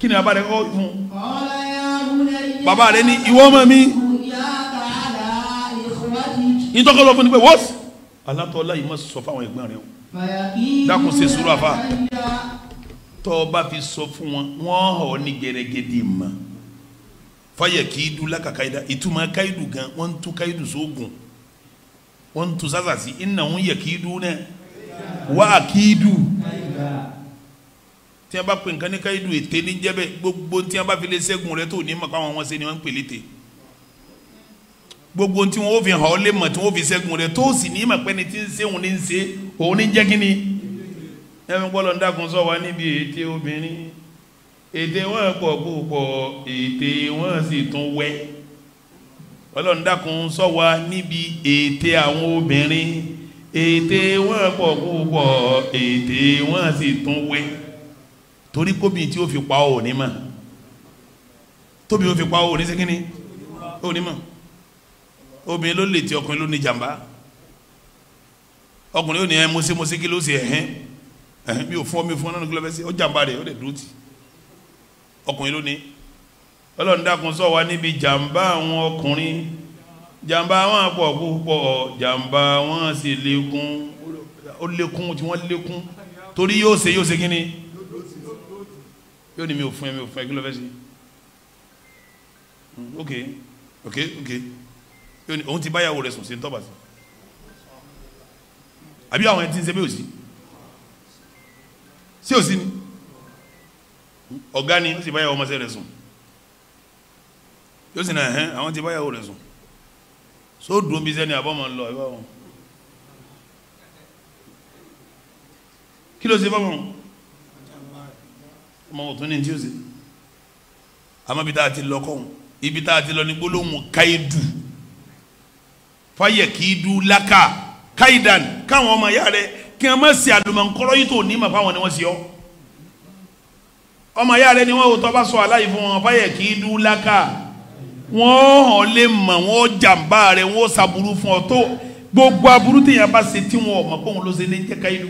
kíni bàbá rẹ kọ́ fún bàbá rẹ ni ìwọ ọmọ mi ìtọ́kọ̀ lọ fún ni pé wọ́ọ̀sì alátọ́lá yìí má sọ fáwọn ẹ̀gbọ́n rẹ o dákun ṣe sùúrù àfa tọ́ ọ bá fi sọ fún wọn wọ́n hàn ọ́ ní gẹ́rẹ́gẹ́dẹ́ mọ́ fàyẹ kì í dùn lákàkà yìí dá ìtumọ̀ káyidù gan wọ́n ń tú káyidù sóògùn wọ́n ń tú sásàsì ìnà òun yẹ kì í dùn náà wá kì í dùn tí a bá pè nǹkan ní káyidù ète ní jẹ́bẹ̀ gbogbo tí a bá fi lé ṣẹ́gun rẹ tó ní mọ̀ káwọn wọn ṣe ni wọ́n ń pè létè gbogbo tí wọ́n fi hàn ọ́ lé mọ̀ tí wọ́n fi ṣẹ́gun rẹ tó sì ní mọ̀ pẹ́ni tí ń ṣe òun ní ń ṣe òun ní jẹ́ kí ni ẹ̀mí pọ́lọ̀ ń dákun sọ wa níbi ète obìnrin ète wọn pọ̀ púpọ̀ ète wọn sì tún wẹ́ pọ́lọ̀ ń dákun sọ wa níbi ète àwọn obìnrin ète wọn pọ̀ púpọ̀ ète wọn sì tún wẹ́ torí kóbìn tí ó fi pa ọ́ ní mà tóbi ó fi pa ọ́ ní sẹ́kínní ó ní mà obìnrin ló lè ti ọkùnrin ló ní jàmbá ọkùnrin ó ní ẹ mọ́sí mọ́sí kí ló sì ẹ̀hẹ́n mi ò fún ọ mi ò fún ọ nánú kí ló fẹ́ sí ọ jàǹbá rẹ̀ ó lè dúró tì ọkùnrin ló ní ọlọ́run dákun ṣọ́ wa níbi jàǹbá àwọn ọkùnrin jàǹbá wọn pọ̀ púpọ̀ jàǹbá wọn sì lékún ó lékún tí wọ́n lékún torí yóò ṣe yóò ṣe kí ni yóò ní mi ò fún ẹ mi ò fún ẹ kí hmm, ok ok ok yóò ní òun ti báyàwó rẹ̀ sùn sí ní tọ́ba sí àbí àwọn ẹni tí ń ṣe bí ò sí ò sí ni ọ̀gá ni ó sì bá yàwó ọmọọṣẹ́ rẹ̀ sùn yóò sì náà hẹ́n àwọn ti bá rẹ̀ sùn so dùn bí sẹ́ni àbọ̀mọ̀ lọ ìwà wọn kí ló ṣe fọ́mọ̀ ọmọ òtún ní tí ó ṣe àmọ́ ibi tá a ti lọ kọ́hún ibi tá a ti lọ ní gbólóhùn káyidù fáyẹ̀ kìí du káwọn ọmọ ìyá rẹ̀ kí wọ́n má ṣe àlùmọ̀ǹkọ́rọ́ yìí tó ní màpá wọn ni wọ́n ṣe ọ́ ọmọ ìyá rẹ ni wọ́n tó bá sọ aláì fún wọn fáyẹ̀ kì í dún láká wọ́n hàn lè mọ̀ wọ́n jàǹbá rẹ wọ́n ṣàbùrú fún ọ tó gbogbo aburú téèyàn bá ṣe tí wọn ọmọ pọ́n ló ṣe ní jẹ́ka ìlú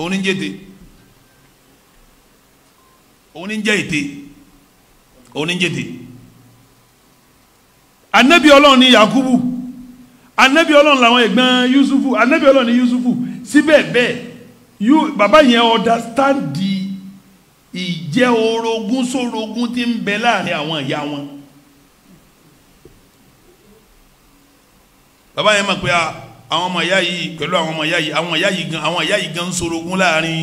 òun ní jẹ́tẹ̀ òun ní jẹ́ ètè òun ní jẹ́tẹ̀ anabi ọlọ́run ni Yakubu anabi ọlọ́run làwọn ẹ̀gbọ́n yusufu anabi ọlọ́run ni yusufu síbẹ̀ bẹ́ẹ̀ bàbá yẹn ọ̀dàstáǹdì ìjẹ́ orogún sórogún tí ń bẹ láàrin àwọn ìyá wọn. bàbá yẹn mọ̀ pé àwọn ọmọ ìyá yìí pẹ̀lú àwọn ọmọ ìyá yìí àwọn ìyá yìí gan àwọn ìyá yìí gan ń sorogún láàrin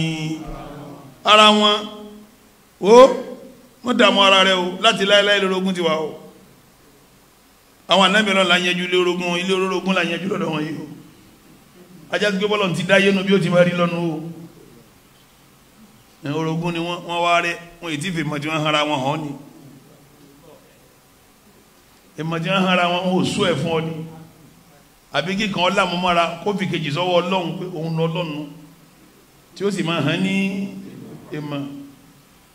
ara wọn o wọ́n dààmú ara rẹ o láti láéláé lórogún tiwa o àwọn anábì ọlọ́run la yẹjú ilé orogún ilé orogún la yẹjú lọ́dọ̀ wọn yìí o ajá gbé bọ́lọ̀ ti dá yénu bí ó ti máa rí lọ́nu o orogún ni wọ́n wá rẹ̀ wọ́n èyí tí fè mọ̀ tí wọ́n hara wọn hàn ni èmọ̀ tí wọ́n hara wọn ò sú ẹ̀ fún ọ ni àbí kíkan ọlámọ́mára kó fi kejì sọ́wọ́ ọlọ́run pé òun lọ lọ́nu tí ó sì máa hàn ní èmọ̀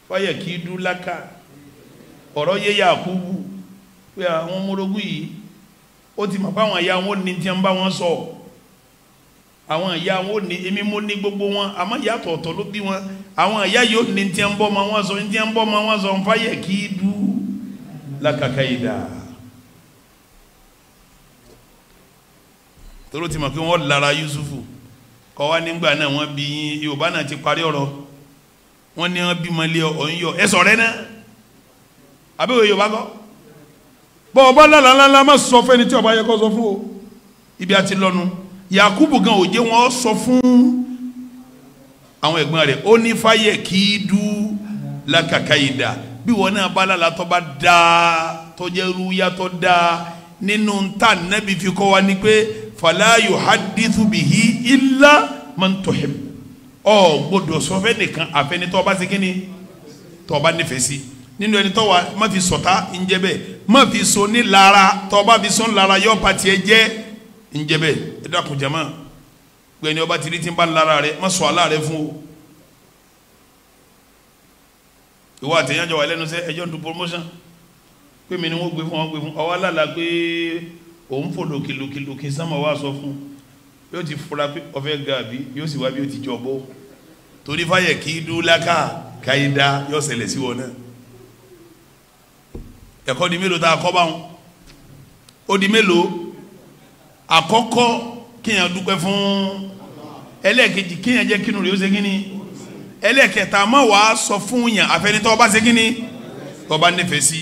fáyẹ̀ kí dú láká ọ̀rọ̀ yé Yakubu pé àwọn ọmọdógún yìí ó ti mọ̀ pé àwọn ìyá wọn ní tí wọ́n bá wọn sọ àwọn ìyá wọn ní èmi mo ní gbogbo wọn àmọ́ ìyá tọ̀ọ̀tọ̀ ló bí wọn àwọn ìyá yìí ó ní tí wọ́n bọ́ ma wọn sọ ní tí wọ́n bọ́ ma wọn sọ nfa yẹ kí du lákàkà yìí dà tóró ti mọ̀ pé wọ́n lára Yusufu kọ́ wa nígbà náà wọ́n bí Yorùbá náà ti parí ọ̀rọ̀ wọ́n ní wọ́n bí mọ́lẹ́ ọ̀yọ́ ẹ̀sọ̀ rẹ náà àbẹ̀wò Yorùbá kọ́ bọ́ ọba lálàlálà má sọ fẹ́ni tí ọba yẹ kó sọ fún o ibi àti lọ́nu yakubu gan ò jẹ́ wọn sọ fún àwọn ẹ̀gbọ́n rẹ̀ ó ní fáyẹ̀ kí dú lákàkà yìí dá bí wọn náà bá lálà tó dá tó jẹ́ rúyà dá nínú ta nẹ́bi fi kọ́ wa ni pé fàlàyò hadithu bihi illa man tuhib ọ gbọ́dọ̀ sọfẹ nìkan àfẹnitọ ọba sí kínní tọba nífẹ̀ẹ́ sí nínú ẹni tó wà má fi sọ̀tá ńjẹ́ bẹ́ẹ̀ má fi so ní lára tó bá fi so ní lára yọ pàtì ẹ jẹ́ ńjẹ́ bẹ́ẹ̀ ẹ dákun jama gbẹ̀ni ọba tìrì tí ń bá rẹ má sọ àlá rẹ fún o ìwọ àtẹ̀yànjọ wà lẹ́nu sẹ́ ẹjọ́ ń du promotion pé mi ni wọ́n gbé fún wọn gbé fún ọwọ́ alálà pé òun fò lòkìlòkìlòkì sánmọ̀ wá sọ fún yóò ti fura pé ọfẹ́ ga àbí yóò sì wá bí yóò ti jọ bọ́ torí fàyẹ̀ kí dúlákà káyidá yóò ṣẹlẹ̀ sí wọn náà ẹ̀kọ́ di mélòó tá a kọ́ báwọn ó di mélòó àkọ́kọ́ kéèyàn dúpẹ́ fún ẹlẹ́ẹ̀kejì kéèyàn jẹ́ kínú rẹ̀ ó ṣe kínní ẹlẹ́ẹ̀kẹta má wàá sọ fún yàn àfẹnitọ́ ọba ṣe kínní tọ́ba nífẹ̀ẹ́ sí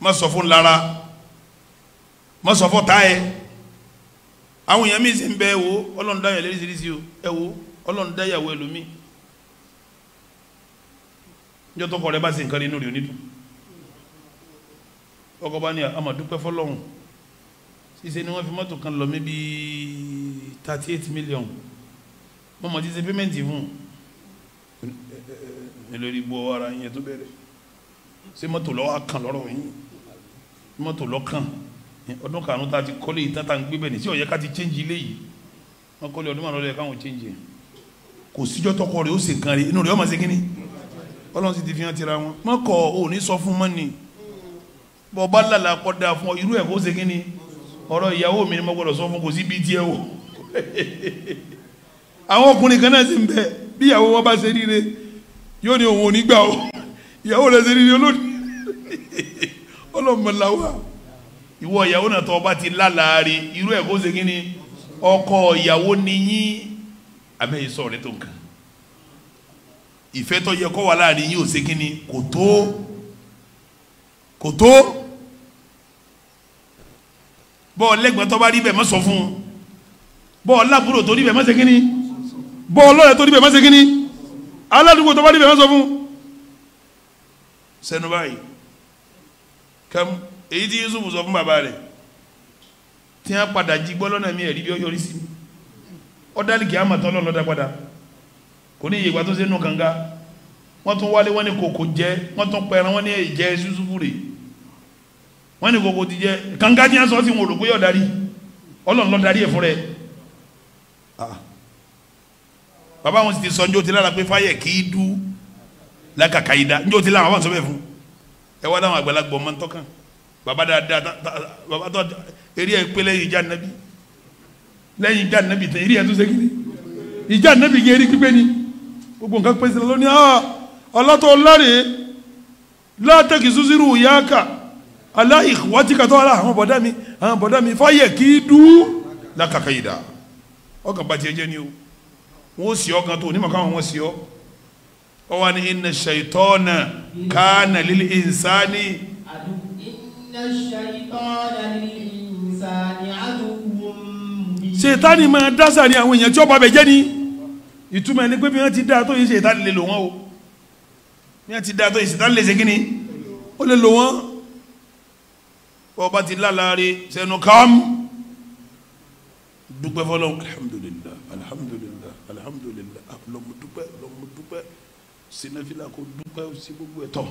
má sọ fún lára má sọ fún táyẹ àwọn èèyàn mi sì ń bẹ ẹ wo ọlọ́run dáyà lóríṣiríṣi o ẹ wo ọlọ́run dáyà wo ẹlòmíì níjọ́ tọkọ rẹ bá ṣe nǹkan rí inú rẹ̀ onídùn ọkọ bá ní àmà dúpẹ́ fọlọ́hún ṣíṣe ni wọ́n fi mọ́tò kan lọ mẹ́bí thirty eight million wọ́n mọ̀ títí payment fún ẹ lórí bu ọwọ́ ara yẹn tó bẹ̀rẹ̀ ṣé mọ́tò lọ́wọ́ kan lọ́rọ̀ yín mọ́tò lọ́kàn ọdún karùn-ún tá a ti kọ́lé yìí tátà ń gbé bẹ̀ ní sí ọ̀yẹ́ ká ti change ilé yìí wọ́n kọ́lé ọdún márùn-ún lọ́yẹ̀ káwọn change yẹn kò síjọ́ tọkọ rẹ̀ ó sì kan rẹ̀ inú rẹ̀ ọmọ sí kínní ọlọ́run sì ti fi hàn tira wọn mọ́kọ̀ ò ní sọ fún mọ́ni bọ́ bá lálà kọ́dà fún ọ irú ẹ̀ kó ṣe ni ọ̀rọ̀ ìyàwó mi ni mo gbọ́dọ̀ sọ fún kò sí bí tiẹ̀ o àwọn ọkùnrin kan náà sì ń bẹ bí ìyàwó wọn bá ṣe ríire yóò ní òun ò ní gbà o ìyàwó rẹ̀ ṣe ríire olóòdì ọlọ́mọláwà ìwọ ìyàwó náà tọ́ ọba ti lálàárí irú ẹ̀ kó ṣe ni ọkọ ìyàwó ni yín abẹ́yẹ sọ̀rọ̀ ní tó nǹkan ìfẹ́ tó yẹ kó wà láàrin yín ò ṣe ni kò tó kò tó bọ́ọ̀ lẹ́gbọ̀n tó bá rí bẹ́ẹ̀ má sọ fún un bọ́ọ̀ lábúrò tó rí bẹ́ẹ̀ má ṣe kínní bọ́ọ̀ lọ́rẹ̀ tó rí bẹ́ẹ̀ má ṣe kínní aládùúgbò tó bá rí bẹ́ẹ̀ má sọ fún un. sẹ́nu báyìí kam èyí tí Yusuf sọ fún bàbá rẹ̀ tí wọ́n padà jí gbọ́ lọ́nà mi ẹ̀rí bí ó yọrí sí ọ̀dàlì kìí àmàtọ́ lọ́nà lọ́dà padà kò ní ìyègbà tó ṣe nù kànga wọ́n tún wálé wọ́n ní kòkò jẹ́ wọ́n tún pẹran wọ́n ní ìjẹ́ Yusuf rèé wọ́n ní gbogbo ti jẹ́ kànga tí wọ́n sọ sí wọn rò pé yọ̀ darí ọlọ́run ló darí ẹ̀ fún rẹ̀ ah. bàbá wọn sì ti sọ njó ti lára pé fáyẹ̀ kì í dú lákàkà yìí dá njó ti lára wọn sọ bẹ́ẹ̀ fún ẹ wá dáhùn àgbàlagbọ̀ ọmọ ntọ́kàn bàbá dáadáa bàbá tó eré ẹ̀ pé lẹ́yìn ìjà nàbí lẹ́yìn ìjà nàbí tẹ̀ eré ẹ̀ tó ṣe kiri ìjà nàbí yẹn eré pípé ni gbogbo nǹkan pèsè lónìí ọlọ́tọ̀ ọlọ́rẹ̀ látẹ̀kì aláìwọ́tí katọ́ ara àwọn bọ̀dá mi àwọn bọ̀dá mi fáyẹ̀ kí dú lákàkà yìí dá ọkàn bá tiẹ̀ jẹ́ ni o wọ́n sì ọ́ kan tó onímọ̀ káwọn wọ́n sì ọ́ ọ wà ní inna shaytana kana lil insani. inna shaytana lil insani aduwwun. ṣètánì máa dásà ní àwọn èèyàn tí ọba bẹ̀ jẹ́ ni ìtumọ̀ ẹni pé bí wọ́n ti dá tó yìí ṣètánì lè lò wọ́n o bí wọ́n ti dá tó yìí ṣètánì lè ṣe kí ni ó lè lò wọ́n bọ́ọ̀bá ti lálàáre sẹ́nu kàm dúpẹ́ fọlọ́n alhamdulillah alhamdulillah alhamdulillah ah, lọ́mọ dúpẹ́ lọ́mọ dúpẹ́ sinafila kò dúpẹ́ sí gbogbo ẹ̀ tọ́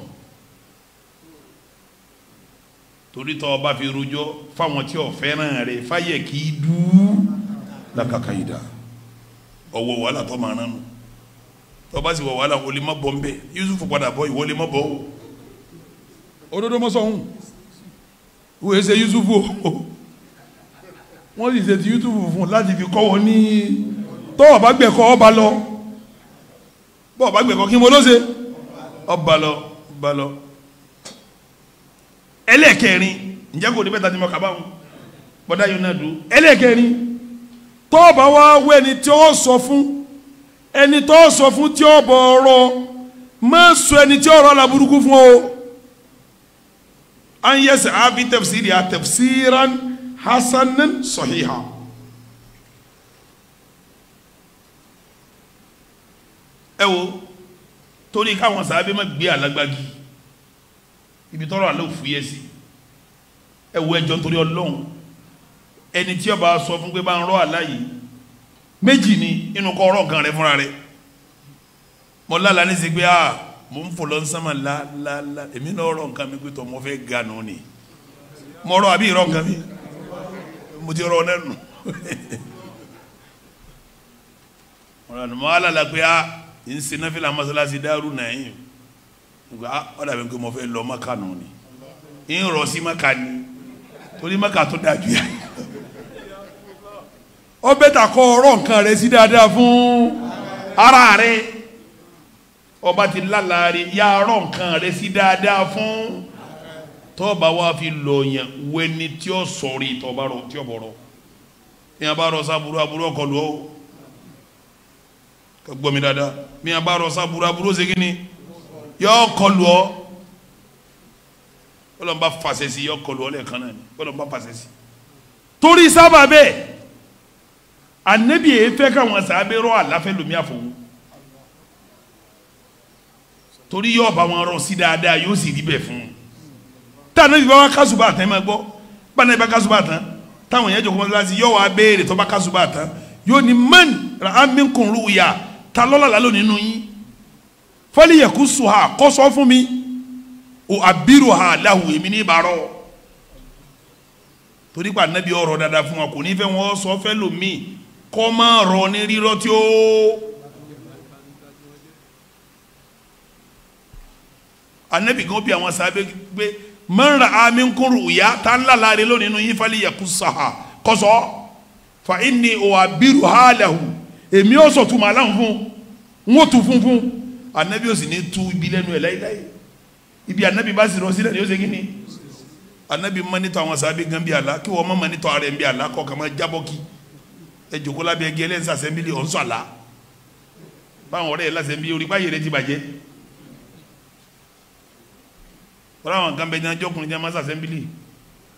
torí tọ́ ọba fi rojọ́ fáwọn tí ò fẹ́ràn rẹ̀ fáyẹ̀ kì í dú lákàkà yìí dá ọwọ́ wàhálà tọ́ máa nánu tọ́ba sì wọ̀ wàhálà wọlé má bọ́ ń Yusuf padà bọ́ ìwọlé má bọ́ o òdodo mọ́sọ̀ ọ̀hún wòye ṣe yusufu o wọ́n sì ṣe ti yusufu fún láti fi kọ́ wọn ní tọ́wọ́ bá gbẹ̀kọ́ ọba lọ bọ́ọ̀ bá gbẹ̀kọ́ kí mo ló ṣe ọba lọ ọba lọ ẹlẹ́ẹ̀kẹrin ǹjẹ́ kò ní bẹ́ẹ̀ tàbí mọ́ kábàámu bọ́dá yóò náà dùn ẹlẹ́ẹ̀kẹrin tọ́ọ̀bà wá wọ ẹni tí ó sọ fún ẹni tó sọ fún tí ó bọ̀ ọ̀rọ̀ má sọ ẹni tí ọ̀rọ̀ la burúkú fún o an yas'a fi tafsiriha tafsiran hasanan sahiha. ẹ wo torí káwọn sábẹ́ má gbé alágbági ibi tọ́rọ̀ àlọ́ fúyẹ́ sí ẹ wo ẹjọ́ torí ọlọ́run ẹni tí ọba sọ fún pé bá ń rọ àláyé méjì ni inú kọ́ ọ̀rọ̀ kan rẹ fúnra rẹ mọ̀lá la ní sèpé a. Ah, mo ń fò lọ sánmà la la la èmi náà rọ nǹkan mi pé tọ́ mo fẹ́ ga nù ni mo rọ àbí ìrọ nǹkan mi mo ti rọ náà nù ọ̀rọ̀ àná mo wá lálàá pé a ah, ń sin náà fìlà mọ́sálásí dárú nàáyìn ọ̀dà mi pé mo fẹ́ lọ mọ́kà nù ni ń rọ sí mọ́kà ni torí mọ́kà tó dájú yà ọ bẹ́ẹ̀ ta kọ́ ọ̀rọ̀ nǹkan rẹ sí dáadáa fún ara rẹ ọba ti lálàárí yá arọ nǹkan rẹ sí dáadáa fún tọ́ọ̀bà wa fi lọ̀yàn wẹni tí ó sọ̀rí tọ́ọ̀bà rọ tí ó bọ̀rọ̀ ní a sábúrú aburú ọkọlù ọ́ kò gbọ́ mi dáadáa ní a bá rọ sábúrú aburú ṣègì ni yọ ọkọlù ọ́ ọlọ́run bá fàṣẹ sí yọ ọkọlù ọ́ lẹ́ẹ̀kan náà ni ọlọ́run bá fàṣẹ sí torí sábà bẹ́ẹ̀ anabi èéfẹ́ e káwọn sábẹ́ rọ àláfẹ́ lómi àfọwọ́ torí yóò bá wọn rọ sí dáadáa yóò sì rí bẹ̀ fún un tá ànábì bá wá kásùbà tán ẹ máa gbọ́ bá ànábì bá kásùbà tán táwọn yẹn jòkó mọ́tíláṣí yóò wá béèrè tó bá kásùbà tán yóò ní man ra amikun ruya ta lọ́la lálọ́ nínú yín fọ́lì yẹ kó sùn ha kó sọ fún mi o àbírò ha láhùn èmi ní ìbárọ̀ torí pa ànábì ọ̀rọ̀ dáadáa fún wa kò ní fẹ́ wọn sọ fẹ́ lòmíì kọ́ máa rọ ní rírọ́ tí ó. anabi gan ó bi àwọn sábẹ́ pé man ra'a minkum ru'ya tá ń lálàáre lónìí inú yín falyakussaha kọ́sọ́ fa inni u'abbiruha lahu èmi ó sọ tuma aláwọ̀ fún n ó tu funfun anabi ó sì ní tu ibi lẹ́nu ẹ̀ láyéláyé ibi anabi bá sì rọ sílẹ̀ ni ó ṣe kí ni anabi mọ́nítọ̀ àwọn sábẹ́ gan bí àlá kí wọ́n mọ́ mọ́nítọ̀ ara ẹ̀ bí àlá kọ́ kàmá jábọ́ kí ẹ jòkó lábẹ́ gẹ́lẹ́ ń sàṣẹ́ mílíọ̀n sọ̀lá báwọn ọ̀rẹ́ ẹ̀ lásẹ̀ bí orí báyìí rẹ ti bàjẹ́ wọ́n àwọn kan bẹ ní ajọ́ ọkùnrin tí wọ́n máa sàsẹ́mbìlì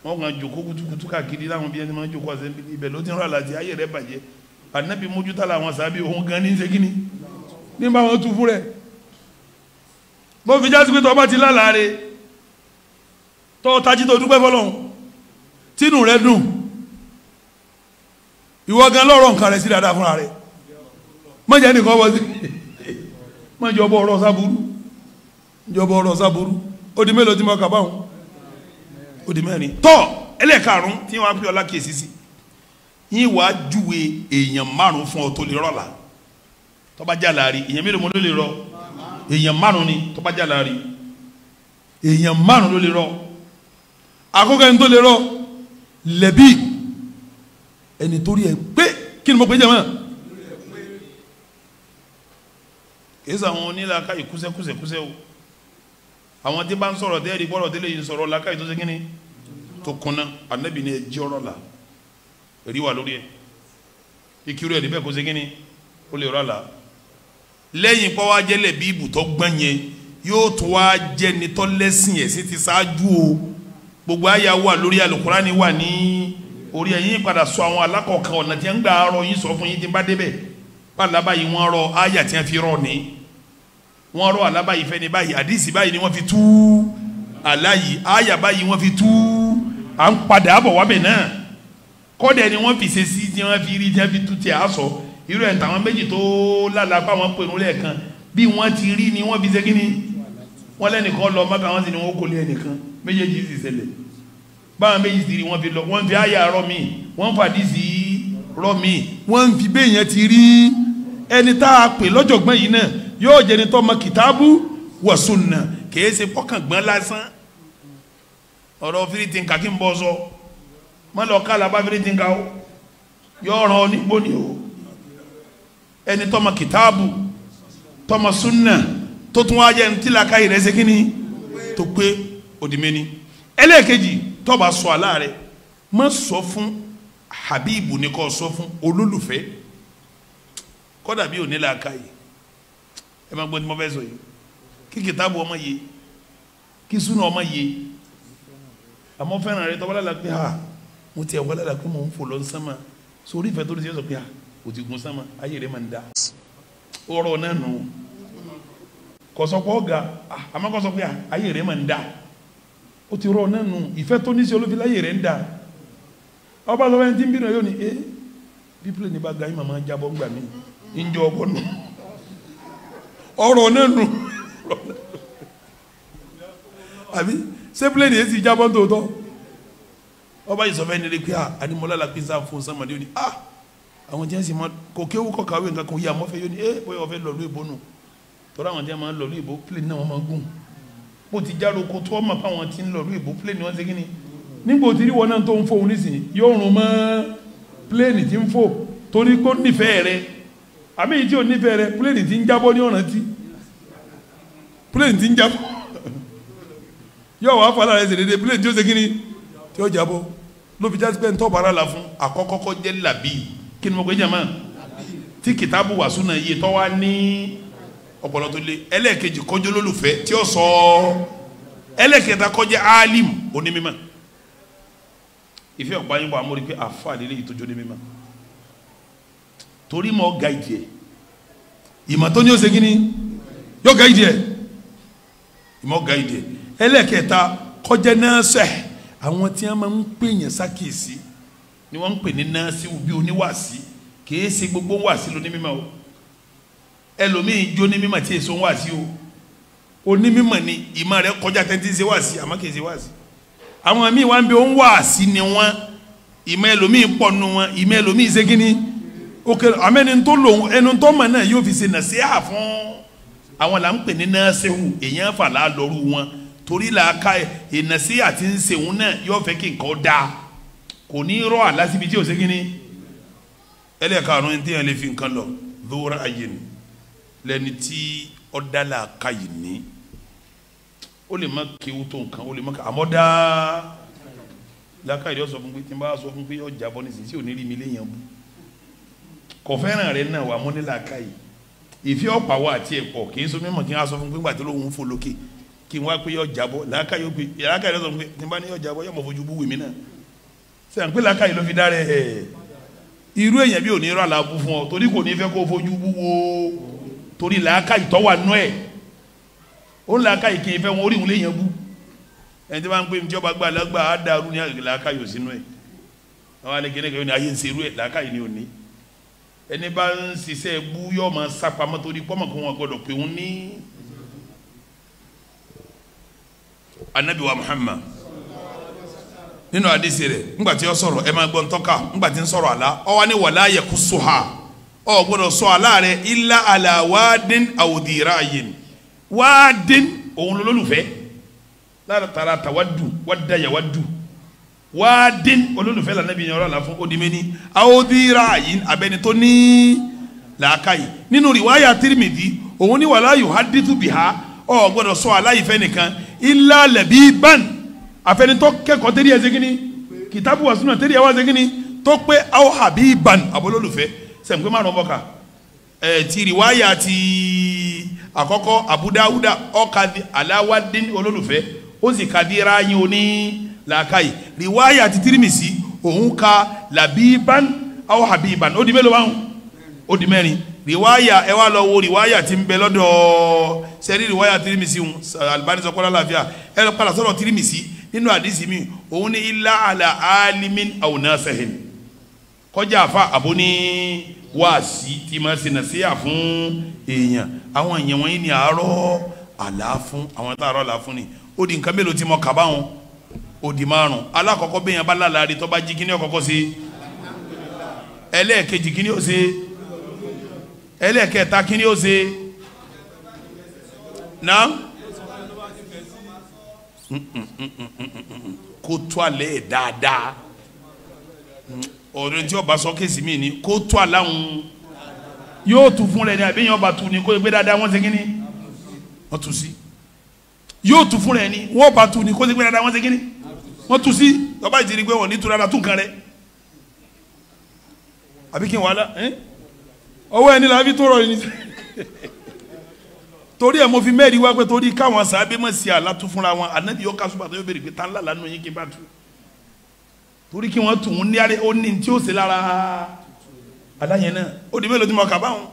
wọ́n kàn jòkó kutukutu káàkiri láwọn bí wọ́n máa jòkó àsẹ́mbìlì ibẹ̀ ló ti ń rọ àlàtì ayé rẹ̀ bàjẹ́ ànábì mójútà làwọn sábì òun gan ní ṣe kíni ní bá wọn tu fún rẹ̀ bó fi jásí pé tọ́ bá ti lálàá rẹ̀ tọ́ tají tó dúpẹ́ fọlọ́hún tínú rẹ̀ dùn ìwọ gan lọ́rọ̀ nǹkan rẹ̀ sí dáadáa fúnra rẹ̀ mọ̀jẹ̀ nìkan bọ́ sí mọ̀jẹ̀ ọbọ̀ Odi di mélòó tí mo kà báwọn ó di mẹ́rin tọ́ ẹlẹ́ẹ̀karùn tí wọ́n á pè ọ́ lákèsí sí yín wàá júwe èèyàn márùn fún ọ tó lè rọ́ọ̀la tó bá jà láàrin èèyàn mélòó mo ló lè rọ èèyàn márùn ni tó bá jà láàrin èèyàn márùn ló lè rọ àkókò ẹni tó lè rọ lẹ́bí ẹni tó ẹ pé kí ni mo pè é jẹ́ mọ́ èyí sàwọn onílà ká ìkúsẹ́kúsẹ́kúsẹ́ o àwọn tí bá ń sọ̀rọ̀ tẹ́ ẹ̀rí bọ́rọ̀ tẹ́lẹ̀ yìí sọ̀rọ̀ làkàyè tó ṣe kíni tó kunná anabi ni ẹ jí ọ̀rọ̀ la èrí wà lórí ẹ ikiru ẹ̀rí bẹ́ẹ̀ kó ṣe kíni ó lè rọ̀ la lẹ́yìn pọ́ wá jẹ́lẹ̀ bí ibùtọ́ gbọ́n yẹn yóò tún wá jẹ́ nitọ́ lẹ́sìn ẹ̀ sí ti ṣáájú o gbogbo àyà wà lórí alukurani wà ní orí ẹ̀yìn padà sọ àwọn alákọ̀ọ́kan ọ̀nà tí wọ́n ń gbà rọ yín sọ fún yín tí ń bá débẹ̀ pàdé lábàáyé wọ́n rọ àlá báyìí fẹ́ni báyìí àdìsí báyìí ni wọ́n fi tú àlá yìí àyà báyìí wọ́n fi tú à ń padà bọ̀ wábẹ̀ náà kọ́dẹ̀ ni wọ́n fi ṣe sí tí wọ́n fi rí tí wọ́n fi tú tí a sọ irú ẹ̀ tàwọn méjì tó lálàá pa wọn pinnu lẹ́ẹ̀kan bí wọ́n ti rí ni wọ́n fi ṣe kíni wọ́n lẹ́nìkan lọ mọ́kà wọ́n sì ni wọ́n kò lé ẹnìkan méjèèjì sì ṣẹlẹ̀ báwọn méjì ti rí wọ́n fi lọ wọ́n fi àyà rọ́ mi wọ́n fàdísì rọ́ mi wọ́n fi bẹ́ẹ̀ yẹn ti rí ẹni tá a pè lọ́jọ̀gbọ́n yìí náà yóò jẹni tó mọ kìtàbù wa sunna kìí ṣe pọ́kàn gbọ́n lásán ọ̀rọ̀ fírìtì nǹkan kí n bọ́ sọ mọ́lọ́ kálá bá fírìtì nǹkan o yóò ràn ọ́ nígbó ni o ẹni tó mọ kìtàbù tó mọ sunna tó tún wá jẹ́ ní yìí rẹ̀ ṣe kí ni tó pé òdìmẹ́ni ẹlẹ́ẹ̀kejì tó sọ àlá rẹ̀ má sọ fún habibu ni kò sọ fún olólùfẹ́ kọ́dà bí ò ní làákà yìí ẹ máa gbọ́ ní mo fẹ́ sọ yìí kí kìtàbù ọmọ yìí kí súnà ọmọ yìí àmọ́ fẹ́ràn rẹ tọ́wọ́lá la pé ha ah, mo tiẹ̀ wọ́lá la pé mo ń fò lọ sánmà sórí ìfẹ́ tó ti sọ pé ha ah, kò ti gun sánmà ayé rẹ máa ń da ọ̀rọ̀ náà nù kọ̀sọ́pọ̀ ọ̀gá ah, àmọ́ kọ̀sọ́ pé ha ayé rẹ máa ń da ó ti rọ̀ náà nù ìfẹ́ tó ní sí olófin láyé rẹ ń da ọba lọ́wọ́ ẹni tí ń eh, bí ọ̀rọ̀ náà nù àbí ṣé pílẹ̀nì yẹn ti jábọ́ tòótọ́ ọba ìsọfẹ́ nílé pé àdìmọ́lá la pizza fún sàmàdé ó ní ah àwọn jẹ́nsì ma kò kéwú kọ́ kàwé nǹkan kan yìí àmọ́ fẹ́ yóò ní eh bóyá ọ̀fẹ́ lọ́lú ìbò nù tọ́lá àwọn jẹ́ máa ń lọ́lú ìbò pílẹ̀nì náà wọ́n máa gùn bó ti já lóko tó ọmọ fáwọn ti ń lọ́lú ìbò pílẹ̀nì wọn ṣe kí ni nígbò tí wọn náà tó ń fò nísìnyí yóò rún mọ́ pílẹ̀nì tí ń fò torí kó nífẹ̀ẹ́ rẹ̀ àmì yìí tí ò nífẹ̀ẹ́ rẹ pílẹ̀nì tí ń jábọ́ ní ọ̀ràn tí pílẹ̀nì tí ń jábọ́ yóò wá fọlá rẹ sì dédé pílẹ̀nì tí ó ṣe kí ni tí ó jábọ́ ló fi jásí pé ń tọ́ba ara là fún àkọ́kọ́kọ́ jẹ́ làbí kí ni mo pè jàmá tí kìtàbù wàásù náà yé tọ́wá ní ọpọlọ tó lé ẹlẹ́ẹ̀kejì kọjọ́ lólùfẹ́ tí ó sọ ẹlẹ́ẹ̀kẹta kọjá alim onímímọ́ ìfẹ́ ọ̀pá yín bọ̀ amórí pé àfa àlélẹ́yìí tó jó ní torí mọ́ gáìdì ẹ̀ ìmọ̀ tó ní ó ṣe kí ni yóò gáìdì ẹ̀ ìmọ̀ gáìdì ẹ̀ ẹlẹ́kẹta kọjá nọ́ọ̀sẹ̀ àwọn tí wọ́n máa ń pè yẹn sákìsì ni wọ́n ń pè ní nọ́ọ̀sì bí oníwàásí kìí ṣe gbogbo wàásí lóní mímọ́ o ẹlòmíì jó ní mímọ́ tí èso ń wàásí o onímọ̀ ni ìmọ̀ rẹ̀ kọjá tẹ́ntì ṣe wàásí àmọ́ kìí ṣe wàásí àwọn míì wá ń bẹ ń wàásí ni wọ́n ìmọ̀ ẹlòmíì pọ̀ nù wọn ìmọ̀ ẹlòmíì ṣe ni òkè àmẹ́ni tó lòun ẹni tó mọ̀ náà yóò fi ṣe nàṣíà fún àwọn là ń pè ní nọ́ọ̀sẹ̀hù èèyàn fàlà lọ́rù wọn torí làákà ìnàṣíà ti ń ṣeun náà yóò fẹ́ kí nǹkan dáa kò ní rọ àlásìbí tí ò ṣe kí ni ẹlẹ́ẹ̀karùn ẹni tí yẹn lè fi nǹkan lọ lóra ayé ni lẹni tí ọ̀dà làákà yìí ní ó lè má kéwú tó nǹkan ó lè má ká àmọ́ dáa làákà yìí ó sọ fún pé tí n bá sọ fún pé ọjà bọ́ nísinsìnyí ò ní rí mi léyìn bú kọfẹ́ràn rẹ náà wà múnilà káyì ìfẹ́ ọ̀pá wa àti ẹ̀pọ̀ kì í so mímọ̀ kí n wá sọ fún gbígbà tí lóun fò lókè kí n wá pé yọ jábọ́ làákà yóò pé làákà yóò sọ fún pé tí n bá ní yọ jábọ́ yóò mọ̀ fojú bú wèmí náà ṣe à ń pé làákà yìí ló fi dá rẹ ẹ̀ irú èèyàn bí òní rà láàbù fún ọ torí kò ní fẹ́ kó fojú bú wo torí làákà tọ́ wà nú ẹ̀ ó làákà yìí kì í fẹ́ wọn orí léèyàn bú ẹni tí wọ́n pè mí tí ọba á dàrú ní làákà sínú ẹ̀ àwọn alẹ́ kìíní kan ayé ń serú ẹ̀ làákà ni ò ẹni bá ń ṣiṣẹ́ bú yọ máa sápamọ́ torí pọ́mọ̀ kí wọ́n gbọ́dọ̀ pé wọ́n ní. anabi wa muhammad nínú àdìsí rẹ̀ ńgbà tí ó sọ̀rọ̀ ẹ máa gbọ́ ń tọ́ka ńgbà tí ń sọ̀rọ̀ àlá ó wá ní wàlá yẹ̀kú sùhà ó gbọ́dọ̀ sọ àlá rẹ̀ ilá àlà wádìn àwòdìrá yẹn wádìn òun lólùfẹ́ lára tàrà tàwádùn wádàyà wádùn wáádín olólùfẹ́ lànàbí yẹn ọlọ́la fún odimeni awodira yìí abẹni tó ní làákàyè nínú rìwáyà tirimidi òun ní wàlá yóò hadithu bìhá ọ gbọ́dọ̀ sọ aláìfẹ́ nìkan ilá lẹbi ban àfẹnitọ kẹ́kọ̀ọ́ tẹrí ẹ segin ni kitabu wàsúnà tẹrí ẹ wá segin ni tó pé aw habi ban abolólùfẹ́ sẹmukẹ márùn bọkà ẹ ti rìwáyà ti àkọ́kọ́ abudawuda ọkadì aláwádín olólùfẹ́ ó sì kadìrá yín oní làákàyè riwaya àti tirimisi òun ka labiban aw habiban ó di mélòó báwọn ó di mẹ́rin riwaya ẹ wá lọ wo riwaya ti ń bẹ lọ́dọ̀ sẹ́rí riwaya tirimisi ń Albani sọ kọ́lá láàfíà ẹ lọ padà sọ̀rọ̀ tirimisi nínú àdìsí mi òun ní ilá àlà alimin aw nasihin kọjá àfa àbó ní wáàsí tí ma ṣe nàṣíyà fún èèyàn àwọn èèyàn wọ̀nyí ni àárọ̀ àlàáfún àwọn tá àárọ̀ àlàáfún ni ó di nǹkan mélòó tí mo kà báwọn Odi márùn alákọ̀ọ́kọ́ bẹ́ẹ̀ yẹn bá lálàárí tó bá jí kíní ọ̀kọ́kọ́ sí ẹlẹ́ẹ̀kejì kíní ó ṣe ẹlẹ́ẹ̀kẹta kíní ó ṣe na kó tó alẹ́ ẹ̀ dáadáa ọ̀rẹ́ tí ọba sọ kéésì mi ni kó tó aláwọn yóò tu fún rẹ ni àbí yẹn ọba tu ni kó gbé dáadáa wọ́n ṣe kíní wọ́n tu sí yóò tu fún rẹ ni wọ́n ọba tu ni kó gbé dáadáa wọ́n ṣe kíní wọ́n tu sí tọ́ba ìtìrí pé wọ́n ní tura la tún kan rẹ̀ àbí kí n wàhálà ọwọ́ ẹni la fi tó rọ ẹni torí ẹ mo fi mẹ́rin wá pé torí káwọn sábẹ́ mọ̀ sí àlátú fúnra wọn ànábì yóò ká súpàtà yóò béèrè pé tán lálàá nù yín kí n bá tu torí kí wọ́n tù ún ní àrẹ ó ní tí ó ṣe lára aláyẹn náà ó di mélòó tí mo kà báwọn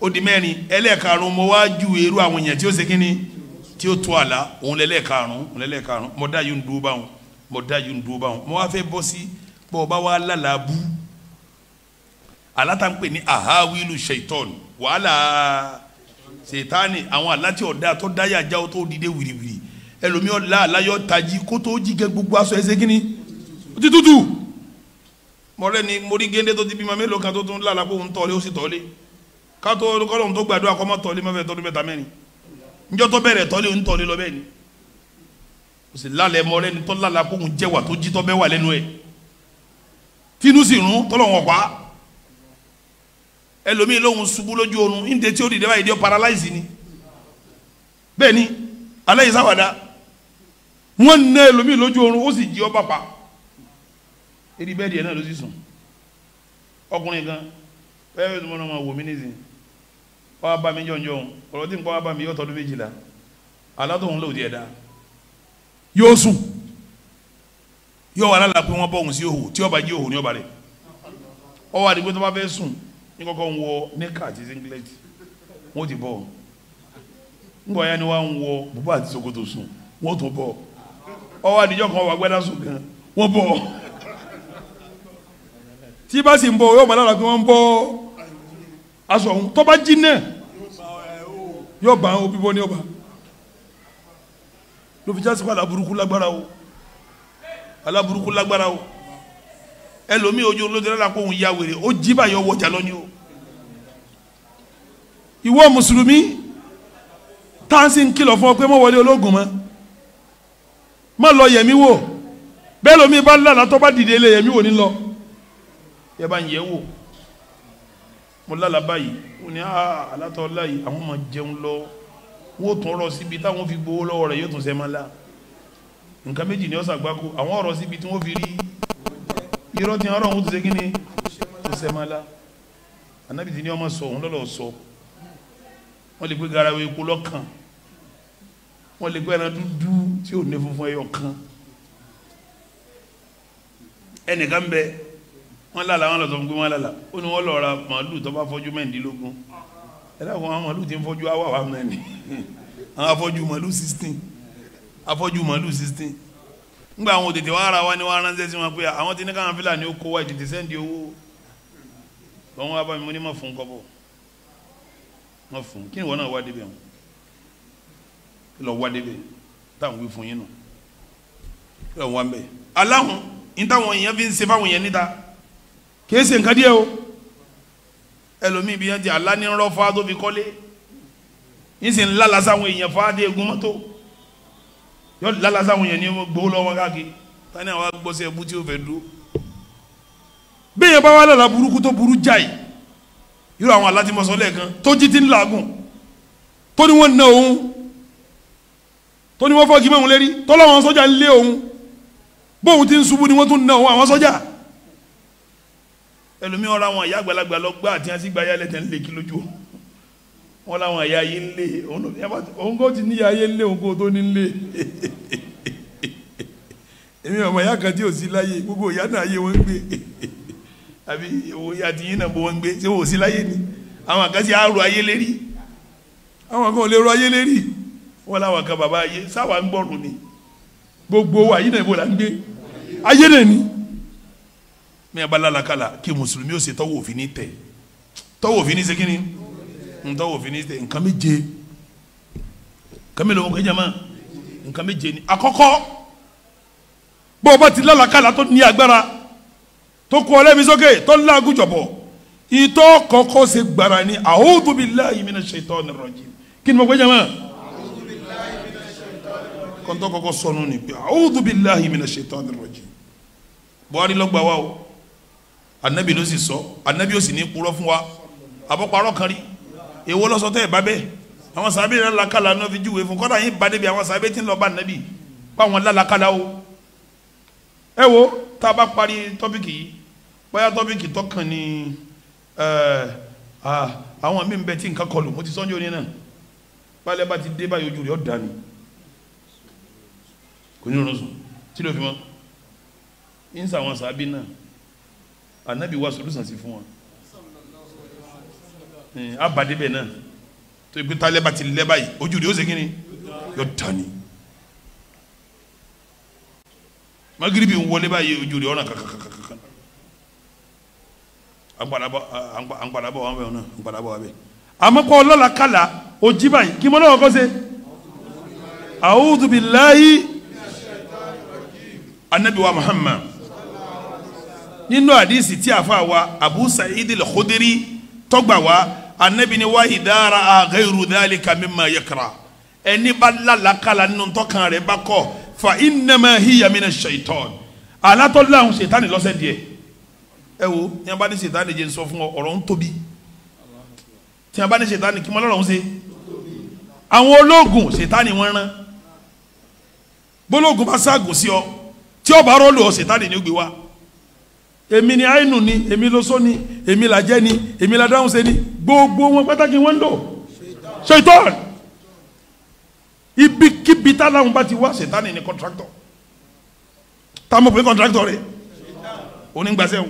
ó di mẹ́rin ẹlẹ́ẹ̀karùn mo wá ju èrú àwọn èèyàn tí ó ṣe kínní tí ó tó àlá òun lẹ́lẹ́ẹ̀karùn òun lẹ́lẹ́ẹ̀karùn mo dá yìí dúró báwọn mo dájú ń dúró báwọn mo wá fẹ́ bọ́ sí bọ́ ọba wa lálàbù aláta ń pè ní ahawilu shaitan wàhálà ṣètánì àwọn aláti ọ̀dà tó dáyà jáwó tó dìde wìrìwìrì ẹlòmíọ́ la aláyọ̀ tají kó tó jígẹ gbogbo aṣọ ẹsẹ̀ kínní títútù mọ̀rẹ́ ni mo rí géńdé tó ti bímọ mélòó kan tó tún lálàá kó ń tọ́lé ó sì tọ́lé kátó kọ́lọ́hún tó gbàdúrà kọ́mọ́ tọ́lé mọ́fẹ́ tọ́lé mẹ́ta mẹ́rin njọ́ tó bẹ̀rẹ̀ tọ́lé ń tọ́lé lọ ni sì lálẹ́ mọ́ lẹ́ni tó lálàá kó ń jẹ́wà tó jí tó bẹ́ wà lẹ́nu ẹ̀ tínú sì rún tọ́lọ́wọ̀n pa ẹlòmíì lóhun ṣubú lójú oorun ìdè tí ó dìde báyìí di ọ paralyze ni bẹ́ẹ̀ ni aláyé sáwàdà wọ́n ná ẹlòmíì lójú oorun ó sì jí ọ pàpà eri bẹ́ẹ̀ díẹ̀ náà ló sì sùn ọkùnrin kan bẹ́ẹ̀ bẹ́ẹ̀ tó mọ́ náà wò mí nísìnyí wọ́n á bá mi jọ̀njọ̀ ọ̀rọ̀ tí nǹkan wá bá mi yọ̀ tọdún méjìlá alátòhun lòdì ẹ̀dá yóò sùn yóò wà lálàá pé wọ́n bọ̀ òun sí òhò tí ọba jí òhò ní ọba rẹ̀ ọ wà dìgbò tó bá fẹ́ sùn ní kọ́kọ́ ń wọ nẹ́kà àti singlet wọ́n ti bọ̀ ńgbọ̀ ya ni wọ́n ń wọ bùbá àti ṣòkòtò sùn wọ́n tó bọ̀ ọ wà kan wà gbẹ́dá sùn gan wọ́n bọ̀ tí bá sì ń bọ̀ yóò wà lálàá pé wọ́n ń bọ̀ aṣọ òun tó jí náà yóò bá òbí bọ́ ní ọba ló fi jásí pa aláburúkú lágbára o aláburúkú lágbára o ẹlòmíì ojú olóde lára kó òun ya wèrè ó jí báyọ̀ wọjà lọ́ni o ìwọ mùsùlùmí táǹsì ń kìlọ̀ fún ọ pé mọ́ wọlé ológun mọ́ má lọ yẹ̀mí wò bẹ́ẹ̀ lómi bá lànà tó bá dìde lé yẹ̀mí wò ní lọ yẹ bá ń yẹ̀ wò mo lálàá báyìí mo ní àlátọ́ láyìí àwọn máa jẹun lọ́ọ́ wọ́n tún rọ síbi táwọn fi gbowó lọ́wọ́ rẹ̀ yóò tún sẹ́mọ́ la nǹkan méjì ni ọ̀sán gbáko àwọn ọ̀rọ̀ síbi tí wọ́n fi rí irọ́ tí wọ́n rọ̀ wọ́n tún ṣe kíni tún sẹ́mọ́ la anabi ti ní ọmọ sọ òun lọ́lọ́ sọ wọ́n lè gbé garawe epo lọ́kàn wọ́n lè gbé ẹran dúdú tí ò ní funfun ẹyọ kan ẹnìkan bẹ wọ́n lálàá wọ́n lọ sọ fún pé wọ́n lálàá ó ní wọ́n lọ ra màálù tó bá fọ́jú mẹ́rìndínlógún ẹlẹ́kùn àwọn màlúù ti ń fọ́jú awọ àwọn náà ni àwọn afọ́jú màlúù sixteen afọ́jú màlúù sixteen ngba àwọn òtètè wa ara wa ni wa ránṣẹ́ sí wọn pé àwọn ti ní káwọn fúlàní ó kó wa ìtètè sẹ́ndì owó lọ́wọ́n wa bá mi mo ní má fún kọ́bọ̀ má fún kí ni wọn náà wá débẹ̀ wọn lọ wá débẹ̀ táwọn wí fún yín nù lọ wá ń bẹ̀ aláwọn ní táwọn èèyàn fi ń ṣe fáwọn èèyàn níta kì í ṣe nǹkan díẹ̀ o ẹlòmíì bí yẹn ti àlá ní rọ́ fá tó fi kọ́lé yín sì ń lálàá sáwọn èèyàn fá dé egun mọ́tò yọ lálàá sáwọn èèyàn ní gbowó lọ́wọ́ káàkiri tani àwa gbọ́ sí ẹbú tí ó fẹ́ dúró bẹ́ẹ̀ yẹn bá wà lálàá burúkú tó burú jáì irú àwọn alátimọ̀sọ́ lẹ́ẹ̀kan tó jí ti ń làágùn tó ní wọ́n na òun tó ní wọ́n fọ́ kí mẹ́wọ́n lérí tọ́lá àwọn sọ́jà ń lé òun bóun ti ń ṣubú ni wọ́n tún na òun àwọn sọ́jà ẹlòmíràn ra àwọn ìyá àgbàlagbà lọ gbá àti àti gba ayálẹ̀ tẹ̀ ń lè kí lójú wọn làwọn ìyá ayé ń lé òun kò ti ní ìyá ayé ń lé òun kò tó ní ń lé èmi ọmọ ìyá kan tí ò sí láyé gbogbo ìyá náà ayé wọn gbé àbí òun ìyá ti yín náà bó wọn ń gbé tí ò sí láyé ni àwọn àkàtì àrò ayé lérí àwọn kan ò lè ro ayé lérí wọn làwọn kan bàbá ayé sáwà ń gbọrùn ni gbogbo wa náà ibo là ń gbé ayé náà ni mi yà lakala lálàkàlà kí mùsùlùmí ó ṣe tọ́wọ́ òfin ní tẹ̀ tọ́wọ́ òfin ní ṣe kíni ń tọ́wọ́ òfin ní tẹ̀ nǹkan méje nǹkan méje lọ́wọ́ kẹjá máa nǹkan méje ni àkọ́kọ́ bó o bá ti lálàkàlà tó ní agbára tó kọ ọlẹ́mi sókè tó ń lágùn jọ̀bọ̀ ìtọ́ kọ́kọ́ ṣe gbára ni a'udhu billahi minash shaitonir rajim kí ni mo kẹjá máa kọ́kọ́ sọnù ni pé a'udhu billahi mina shaitonir rajim Buhari lọ́gbà wa o anabi ló sì sọ anabi ó sì ní purọ́ fún wa àbọ̀parọ́ kan rí èwo lọ́sọ tẹ́ ẹ̀ bá bẹ́ẹ̀ àwọn sábẹ́ yẹn lakala náà fi júwe fún kọ́dà yín bá débi àwọn sábẹ́ tí ń lọ bá anabi pa àwọn lálàkàlà o ẹ wo tá a bá parí tọ́pìkì yìí bóyá tọ́pìkì tọ́kàn ni àwọn mí bẹ tí nǹkan kọlù mo ti sọ́njú ní náà balẹ̀ bá ti dé báyìí ojú rẹ̀ ọ̀ dání kò ní ronú sùn tí ló fi mọ́ ń sàwọn sábẹ́ náà anabi wa solution sí fún wọn eh, abàdé bẹ́ẹ̀ náà tó ibi tálẹ́ bá ti lẹ́ báyìí ojú rẹ̀ ó ṣe kíni yọ dání magiribi ń wọlé báyìí ojú rẹ̀ ọ̀nà kàkàkàkà àgbàdàbọ̀ àgbàdàbọ̀ wà bẹ́ẹ̀ náà àgbàdàbọ̀ wà bẹ́ẹ̀ amakọ ọlọ́la kala ojí báyìí kí mọ́nà ọkọ ṣe a'udhu billahi anabi wa muhammad nínú àdìsí tí a fa wa abu sa'id al-khudiri tọgbà wa anabi ni wa idara aghayru dhalika mimma yakra ẹni bá lalakala nínú tọkàn rẹ̀ bá kọ fa innama hiya mina shaitan alatọlila ahun sitani lọsẹ díẹ̀ ẹ wo ní a bá ní sitani jẹ sọ fún ọ ọ̀rọ̀ ń tóbi tí a bá ní sitani kí n bá lọ́rọ̀ ń ṣe àwọn ológun sitani wọn rán bólógun bá ságùn sí ọ tí ọba rọ lù ọ sitani ni ó gbé wa èmi ni àìnù ni èmi lóso ni èmi làjẹ́ ni èmi làdáhùn ṣe ni gbogbo wọn pàtàkì wọn ń dò ṣètọ́n ibikíbi táláwọn bá ti wá ṣètánì ni kọ́ńtráktọ̀ táwọn pè kọ́ńtráktọ̀ rẹ̀ onígbàsẹ́ o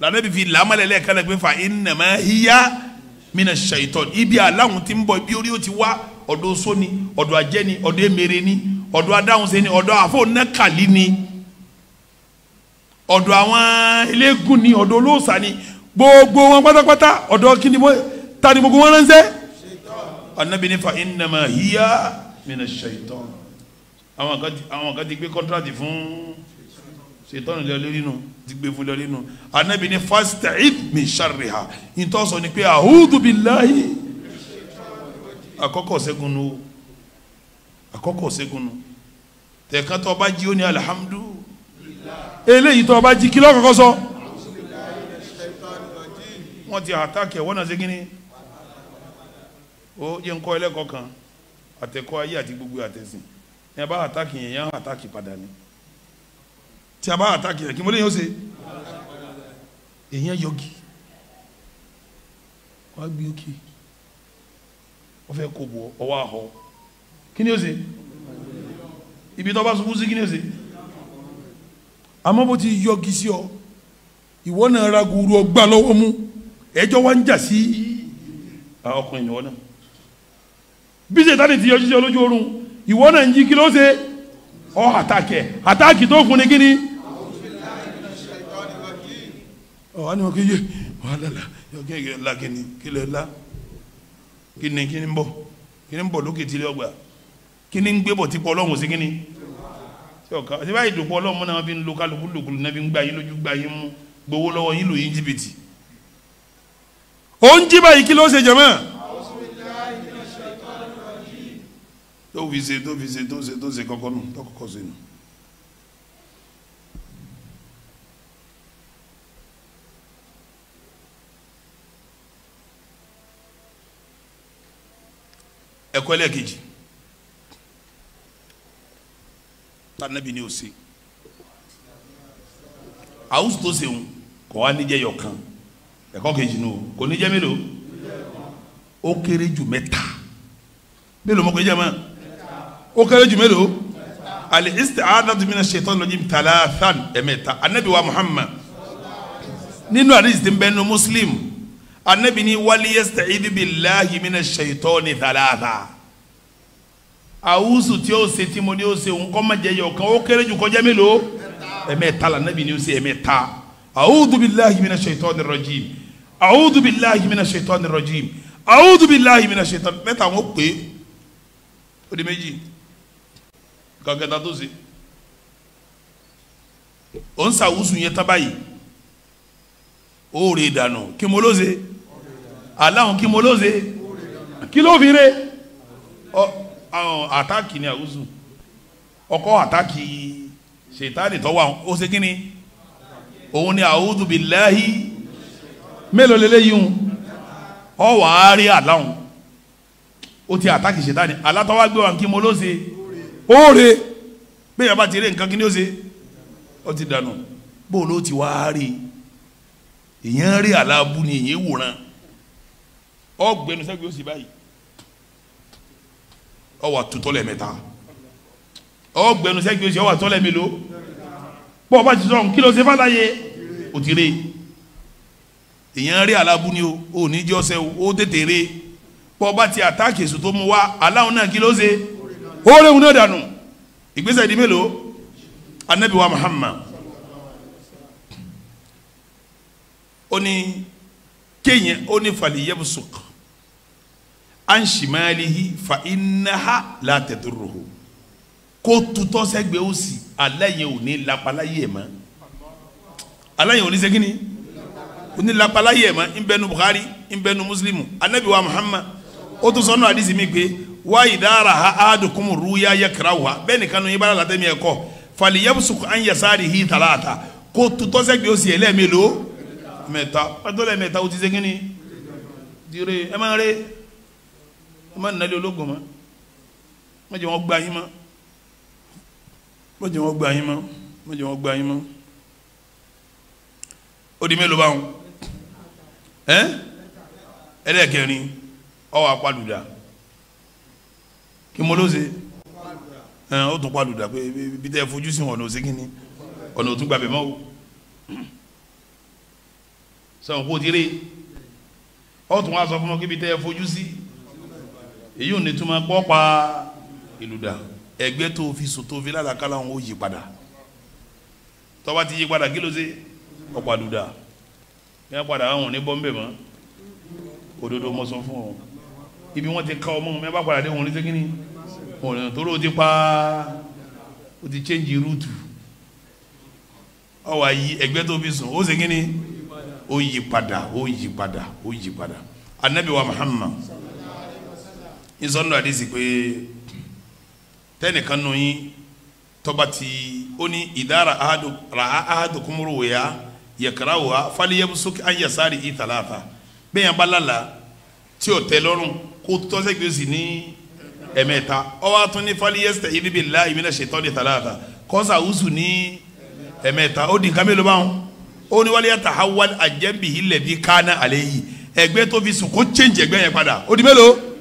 lànà bíi fi làmàlẹ̀ lẹ́ẹ̀kan lẹ́ẹ̀kan fa innama hiya mina ṣètọ́n ibi àláwọn ti ń bọ̀ ibi orí ó ti wá ọ̀dọ̀ sóni ọ̀dọ̀ àjẹ́ ni ọ̀dọ̀ èmèrè ni ọ̀dọ̀ adáhùn ṣe ni ọ̀dọ̀ àfọ̀nàkàlí ni ọ̀dọ̀ àwọn eléégún ni ọ̀dọ̀ olóòṣà ni gbogbo wọn pátápátá ọ̀dọ̀ kíni mo ta ni gbogbo wọn ránṣẹ́ anabi nífa ìnàmà híyá mina ṣètọ́n àwọn kan ti gbé kọ́ńtàtì fún ṣètọ́n lọ lórí nu ti gbé fún lọ lórí nu anabi ní fasta'id min sharriha ìtọ́sọ ni pé a'udhu billahi àkọ́kọ́ ṣẹ́gun nu àkọ́kọ́ ṣẹ́gun nu tẹ̀ka bá jí ó ní alihamudu eléyìí tó o bá jí kí lọ́kọ̀ọ́kọ́ sọ. wọ́n ti àtàkì ẹ̀wọ́n náà ṣe kínní. ó yẹ ń kọ́ ẹlẹ́kọ̀ọ́ kan àtẹ̀kọ́ ayé àti gbogbo àtẹ̀sìn ní a bá àtàkì yẹn yẹn àtàkì padà ni tí a bá àtàkì yẹn kí mo lè yẹn ó ṣe èyàn yọgi wàá gbé òkè wọ́n fẹ́ kó bọ̀ ọwọ́ àhọ́ kí ni ó ṣe ibi tó bá sọ fún sí kí ni ó ṣe àmọ́ bó ti yọgi sí ọ ìwọ náà ra guru ọgbà lọ́wọ́ mú ẹjọ́ wa ń jà sí ah, ọkùnrin ìwọ náà bí sèta ti yọjú sí ọ oorun ìwọ náà ń jí kí ló ṣe ọ àtàkẹ àtàkì tó fún ni kí ni. ọ̀ wá ní wọn kí yé wàhálà la yọkẹ́ yẹ la kí ni kí lè la kí ni kí ni bọ̀ kí ni bọ̀ lókè tí lè ọgbà kí ni ń gbé bọ̀ tí pọ̀ ọlọ́run sí kí ni ọ̀ka àti báyìí dòpọ̀ ọlọ́mọ náà fi ń lo kálukú lòkulù náà fi ń gbà yín lójú gbà yín mú gbowó lọ́wọ́ yín lò yín jìbìtì. ó ń jí báyìí kí ló ṣe jẹ̀mọ́. tó fi ṣe tó fi ṣe tó ṣe tó ṣe kọ́kọ́ nù tó kọ́kọ́ ṣe nù. ẹ̀kọ́ ẹlẹ́ẹ̀kejì. E tanabi ni o se awusu tó se ń kọ́ wa níjẹ́ yọ kan ẹ̀kọ́ kejì nù kò níjẹ́ mélòó ó kéré jù mẹ́ta mélòó mọ̀ kò níjẹ́ mọ́ ó kéré jù mélòó ali isti'adatu mina shaitan lojim talaatan ẹ̀mẹ́ta anabi wa muhammad nínú àdìsí ti ń bẹ muslim anabi ni wali yasta'idhu billahi mina shaitan ni talaata awusu tí o ṣe tí mo ní o ṣe òun kọ́ ma jẹ yẹ ọ̀kan ó kéré jù kọjá mélòó la nàbì ni o ṣe ẹ̀mẹ́ta awudu bilahi mina shaitan ni rajim awudu bilahi mina shaitan ni rajim awudu bilahi mina shaitan mẹ́ta wọn pè é o de méjì kankata tó ṣe o ń sa awusu yẹn taba yìí o rè dànù kí mo ló ṣe aláwọn kí mo ló ṣe kí àtàkì ni àwùjọ ọkọ àtàkì ṣètánì tó ó ṣe kíni òun ni a'udhu mélòó ọ wàá rí àláhùn ó ti àtàkì ṣètánì alátọ́wá gbé wa kí mo ló ṣe óòrè yàrá ti rí nǹkan kí ni ó ṣe ó ti dànù ló ti rí ọ wà tutọ́ lẹ́ẹ̀mẹ́ta ọ gbẹnusẹ́ gbèsè ọ wà tọ́ lẹ́ẹ̀mélòó bọ́ ọ bá ti sọ̀rọ̀ kí ló ṣe fàlà yẹ o ti rè èèyàn rí alábú ni o ò ní jọ́ sẹ́ o ó tètè rè bọ́ ọ bá ti àtàkì èso tó mu wá aláwọn náà kí ló ṣe ó léwu náà dànù ìgbésẹ̀ di mélòó anabi wa Muhammad ó ní kéèyàn ó ní falẹ̀ yẹ́bùsùn kan an shimalihi fa innaha la tadurruhu kó tutọ́ sẹ́gbẹ́ òsì aláyẹ̀ ò ní lapaláyé mọ́ aláyẹ̀ ò ní segin ni ò ní lapaláyé mọ́ nbẹ́nu Bukhari nbẹ́nu Muslimu anabi wa Muhammad ó tún sọ́nù àdìsí mi pé wa idara ha ahadukum ruya yakrahuha bẹ́ẹ̀ nìkan ní ibara latẹ́mi ẹ̀kọ́ falyabsuq an yasarihi thalatha kó tutọ́ sẹ́gbẹ́ òsì ẹlẹ́mẹ̀ló mẹ́ta pàtó lẹ́mẹ̀ta ó ti segin ni dire ẹ máa ẹ má nàlẹ́ ológun mọ́ má jẹ́ wọ́n gba yín mọ́ má jẹ́ wọ́n gba yín mọ́ má jẹ́ gba yín mọ́ ó di mélòó báwọn ẹ ẹlẹ́kẹrin ọwọ́ apalùdà kí mo ló ṣe ẹ ó tún palùdà pé bí tẹ́ ẹ fojú sí ọ̀nà òsèkínní ọ̀nà òtún gbàgbé mọ́ o sọ̀rọ̀ kó o ti rí ọ tún wá sọ fún wọn kí bí tẹ́ ẹ fojú sí èyí ò ní túmọ̀ pọ́ pa ìlú dà ẹgbẹ́ tó fi sùn tó fi lálàkàlà òun ó yí padà tọ́ba ti yí padà kí ló ṣe ọ̀pọ̀ àdúdà ní apàdà àwọn òní bọ́m̀bẹ̀ mọ́ òdodo mo sọ fún ọ ibi wọn ti ka ọmọ mi bá padà dé wọn ní sẹ́kínì wọn tó ló ti pa ó ti change route ọ wà yí ẹgbẹ́ tó fi sùn ó sẹ́kínì ó yí padà ó yí padà ó yí padà anabi wa Muhammad nsọ́nù àdìsí pé tẹ́nìkan nù yín tọ́ba ti ó ní ìdára ahadukumuru wòyá yẹ̀kara wòyá faliyabusuki ayasari italata bẹ́ẹ̀ yẹn bá lálà tí o tẹ́ lọ́rùn kó tọ́sẹ̀ kí o sì ní ẹ̀mẹ́ta ọwọ́ atún ní faliyẹsẹ̀ yìí bíbí la ìmínà ṣètọ́ talata kọ́sà usu ní ẹ̀mẹ́ta ó di nǹkan mélòó báwọn ó ní wàlíyà tahawal ajẹ́bìhí lẹ́bí kánà àlẹ́ yìí ẹgbẹ́ tó fi sùn kó change ẹgbẹ́ yẹn padà ó di mélòó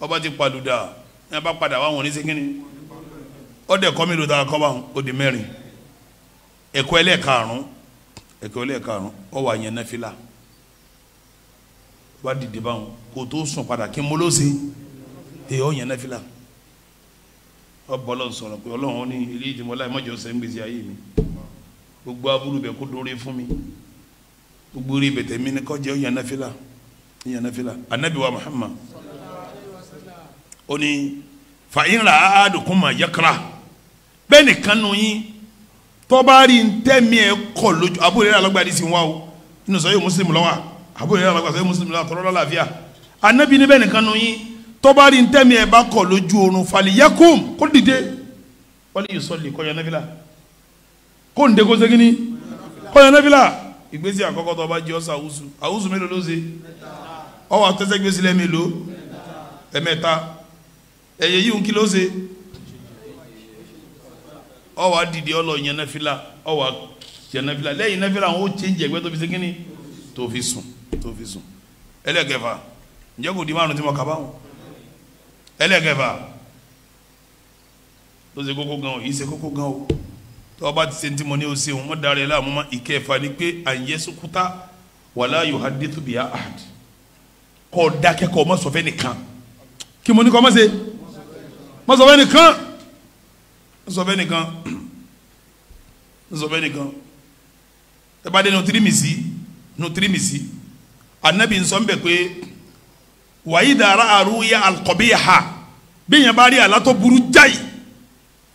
ọba ti padùdà ní abá padà wà wọn ní sẹ́kìnì ọdẹ kọ́ mi ló ta kọ́ bá wọn ó di mẹ́rin ẹ̀kọ́ ẹlẹ́ẹ̀karùn ẹ̀kọ́ ẹlẹ́ẹ̀karùn ọ wà yẹn náfìlà wà dìde bá wọn kò tó sùn padà kí n mọ́ ló ṣe èyí ọ yẹn náfìlà ọ bọ́ lọ́n sọ̀rọ̀ pé ọlọ́run ó ní ilé ìdìmọ́lá ẹ̀ mọ́jọ́ sẹ́ ayé mi gbogbo aburú bẹ̀ kó dóore fún mi gbogbo rí ibẹ̀ tẹ̀mí ni kọ́jẹ́ ó yẹn náfìlà ó yẹn náfìlà anabiwa Muhammad oni ní fàyínra àádùkúnmá yẹkara bẹ́ẹ̀ nìkan nù yín tọ́bárì ntẹ́mi ẹ̀ kọ́ lójú abúlé alágbàdì sí wa o inú sọ yóò muslim lọ́wọ́ abúlé alágbàdì sọ yóò muslim lọ́wọ́ tọ́lọ́lá làáfíà anabi níbẹ̀ nìkan nù yín tọ́bárì ntẹ́mi ẹ̀ bá kọ́ lójú oorun fali yakum kó dìde wọ́n yìí sọ́ọ̀lì kọ́ yẹn náfìlà kó ǹdẹ́ kó segin kọ́ yẹn náfìlà ìgbésí àkọ́kọ́ tó bá jẹ́ ọ́sà àwùsù ẹ̀yẹ yìí ń kí ló ṣe ó wá dìde ó lọ yan nàfílà ó wá yan nàfílà ó change ẹ̀gbẹ́ tó fi ṣe kínní tó fi sùn tó fi sùn ẹlẹ́gẹ̀fà ǹjẹ́ kò di márùn tí mo kà báwọn ẹlẹ́gẹ̀fà tó ṣe kókó gan o yìí ṣe kókó gan o tó o bá ti ṣe ní tí mo ní o ṣe òun mọ́ dára ẹ̀ láàmú mọ́ ìkẹfà ni pé àyẹ̀sùkúta wàlá yuhadithu biya ahad kọ́ ọ dákẹ́ kọ́ ọ mọ́ sọ fẹ́ nìkan kí mo ní kọ́ ọ mọ́ ṣe mo sọ fẹ́ nìkan mo sọ fẹ́ nìkan mo sọ fẹ́ nìkan ẹ bá dé nu tirimisi nu tirimisi anabi nsọ nbẹ pé wàyí dara àrùn yẹ ha bí yẹn bá rí alatọ burú jáì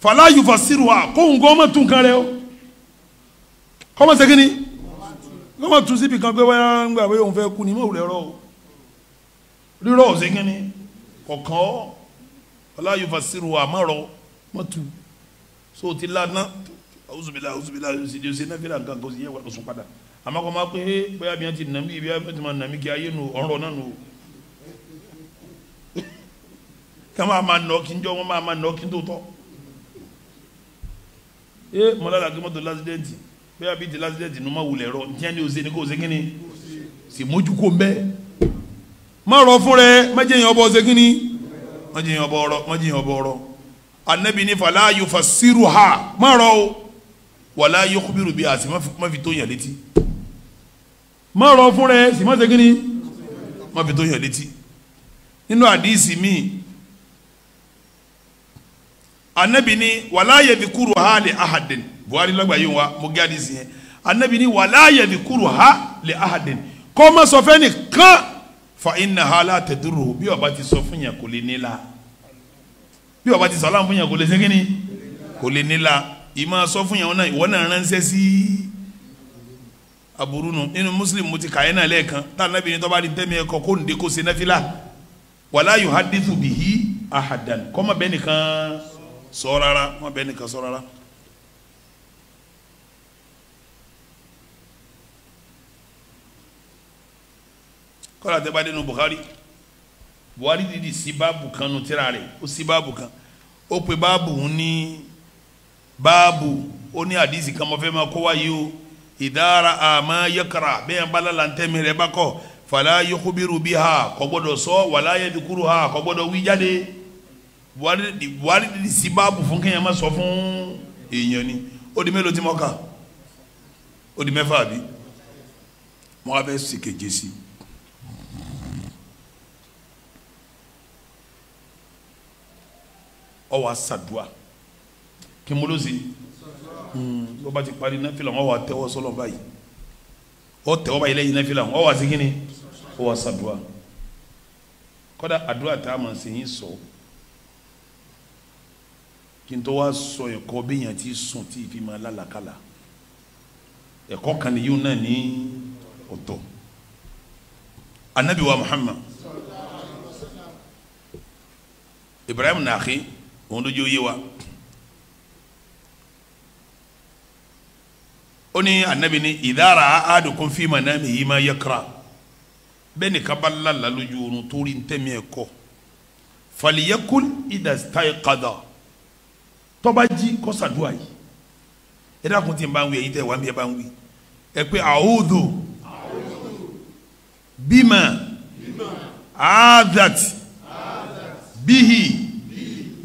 fàlà yufa siru wa kó ń gọ́ ọmọ tún kan rẹ o kọ́mọ segin ni kọ́mọ tún síbi kan pé wáyà ń gbà pé òun fẹ́ kú ni mo rẹ̀ rọ o rírọ̀ ọ̀sẹ̀ kínní kọ̀ọ̀kan ọ́ fala yufasiru wa mọ̀rọ̀ mọ̀tù so o ti lana awusubila awusubila osidi ose nafila nkan kan osi yẹ wa osun padà àmọ́ kọ́ máa pé bóyá bí wọ́n ti nàmí bí wọ́n ti máa nàmí kí ayé nu ọ̀rọ̀ náà nu ká máa ma nọ kí n jọ wọ́n máa ma nọ kí n tó tọ́ ee mọ́lára kí mọ́tò lásìdẹ́ǹtì bóyá bí ti lásìdẹ́ǹtì nu ma wulẹ̀ rọ ntí ẹni ose ni kò ose kí ni sì mójú kó mbẹ́ má rọ fún rẹ má jẹ́ yẹn ọbọ̀ ose kí ni wọ́n jiyàn ọbọ̀ ọ̀rọ̀ wọ́n jiyàn ọbọ̀ ọ̀rọ̀ anabi ní fàlà yufasiru ha mọ̀rọ̀ o wàlà yukubiru bi àti má fi tó yàn létí mọ̀rọ̀ fún rẹ̀ sì má segin ni má fi tó yàn létí nínú àdìsí mi anabi ní wàlà yadhkuru ha li ahadin buhari lọ́gbàáyé wa mo gé àdìsí yẹn anabi ní wàlà yadhkuru ha li ahadin kọ́ ma sọ fẹ́ nìkan fa iná ha látẹ̀dúró bí ọba ti sọ fún yẹn kò lè nílá bí ọba ti sọ aláǹ fún yẹn kò lè ṣe kíni kò lè nílá ìmọ̀ sọ fún yẹn ìwọ náà ránṣẹ́ sí aburú nu nínú muslim mo ti kà yẹn náà lẹ́ẹ̀kan táwọn nábìyẹn tó bá di tẹ́mi ẹ̀kọ́ kó nìde kó ṣe náfìlà wàlá yóò hadithu bìhí ahadan kọ́mọ bẹ́ẹ̀ nìkan sọ rárá kọ́mọ bẹ́ẹ̀ nìkan sọ rárá kọ́lá tẹ́ bá dénú Bukhari Buhari dìdì sí báàbù kan nu tíra rẹ̀ ó sí báàbù kan ó pe báàbù ń ní báàbù ó ní àdìsí kan mo fẹ́ máa kó wáyé o ìdára àmọ́ yẹ́kara bẹ́ẹ̀ ń bá lálàntẹ́mi rẹ̀ bá kọ́ fala yukubiru bi ha kò gbọ́dọ̀ sọ wala yadukuru ha kò gbọ́dọ̀ wí jáde buhari di si baabu fún kéèyàn má sọ fún èèyàn ni ó di mélòó tí mo kà ó di mẹ́fà bí mo wá fẹ́ ṣe keje sí ọ wà sàdúà kí n bolo sí bó bá ti parí náfìlà ọ wà tẹwọ́ sọlọ báyìí ọ tẹwọ́ báyìí lẹ́yìn náfìlà ọ wà segin ni ọ wà sàdúà kọ́dà àdúrà tá a máa ṣe yín sọ kí n tó wá sọ ẹ̀kọ́ kan nìyí náà ní ọ̀tọ̀ anabiwa Muhammad Ibrahim nàkí òun ló jẹ́ òye wa. ó ní anabi ní ìdára àádùkún fíìmù náà mi yìí máa yẹ kíra bẹ́ẹ̀ ni kábàlá lálójú oorun tó ntẹ́mi ẹ̀ kọ́ faliyakul idastai kada tó bá jí kó ṣàdúà yìí ẹ dákun tí n bá ń wí ẹ̀yin tẹ́ wà mí ẹ bá ń wí ẹ pé a'udhu bima adat bihi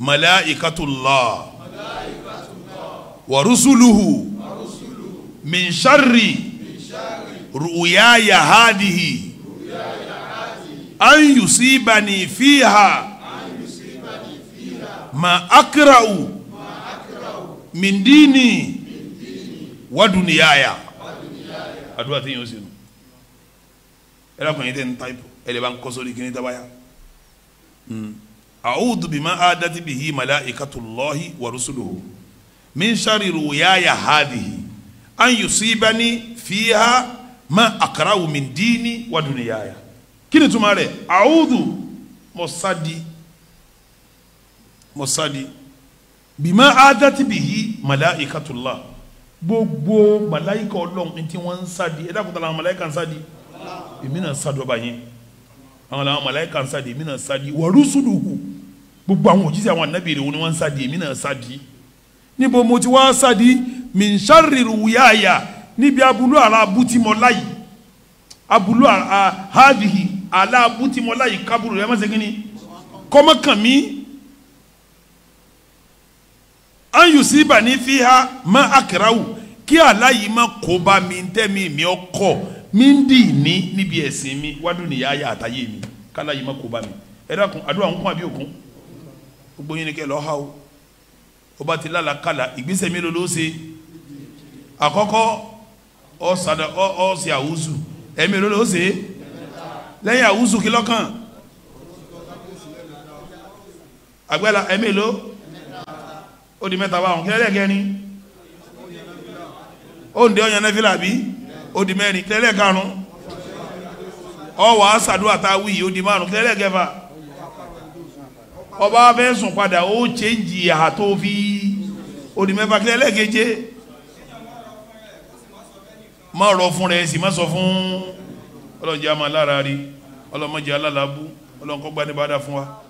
malaikatullah wa rusuluhu min sharri ru'yaya hadihi an yusibani fiha ma akra'u min dini wa duniyaya àdúrà tí yóò sinú ẹ lọ́kùnrin tẹ́ ń taipu ẹ lè bá ń a'udhu بما adati به ملائكة الله rusuluhu من sharri ruyaya هذه أن يصيبني فيها ما akrahu من ديني ودنياي duniyaya kini tuma rẹ̀ a'udhu mọsadi mọsadi bima adati bihi malaikatullah gbogbo malaika Ọlọ́run tí wọ́n ń sadi ẹ dákun tala malaika ń sadi èmi náà sadọba yẹn àwọn malaika ń sadi èmi náà sadi wa rusuluhu gbogbo àwọn òjíṣẹ́ àwọn ànábì rẹ̀ ni wọ́n ń sádi èmi náà sádi níbo mo ti wá sádi mìnsárìrì wíyáàyà níbi abúlé àlà abútìmọ́láyì abúlé àhádìhì àlà abútìmọ́láyì kábùrù rẹ̀ má ṣe kínní kọ́mọkànmí anyusiba ní fíhá má àkàràwù kí àlá yìí má kó bá mi ń tẹ́ mi mi ọkọ̀ mi ń dì ní níbi ẹ̀sìn mi wádùn nìyá ayé àtàyè mi kálá yìí má kó bá mi ẹ̀rọ àdúrà ń kún àbí òkun gbogbo yín ni kẹ́ lọ́ọ́ ha o ó bá ti lálàkàlà ìgbésẹ̀ mélòó ló ṣe àkọ́kọ́ ọ sàdà ọ ọ ṣe àwùzù ẹ̀mí ló ló ṣe lẹ́yìn àwùzù kí lọ́kàn àgbẹ̀là ẹ̀mí ló ó di mẹ́ta báwọn kílẹ̀ kẹrin ó ń dé ọ̀yàn nẹ́fìlà bí ó di mẹ́rin kílẹ̀ karùn-ún ọ wàá sàdúrà tá a wí yìí ó di márùn kílẹ̀ ọba fẹ́ sùn padà ó chẹ́ǹjì àhà tó fi odi mẹ́fà kílẹ̀ lẹ́ẹ̀keje má rọ fún rẹ̀ sì má sọ fún ọlọ́njẹ́ àmàlára rí ọlọ́mọdé alálàbú ọlọ́nkọ́ gbanibada fún wa.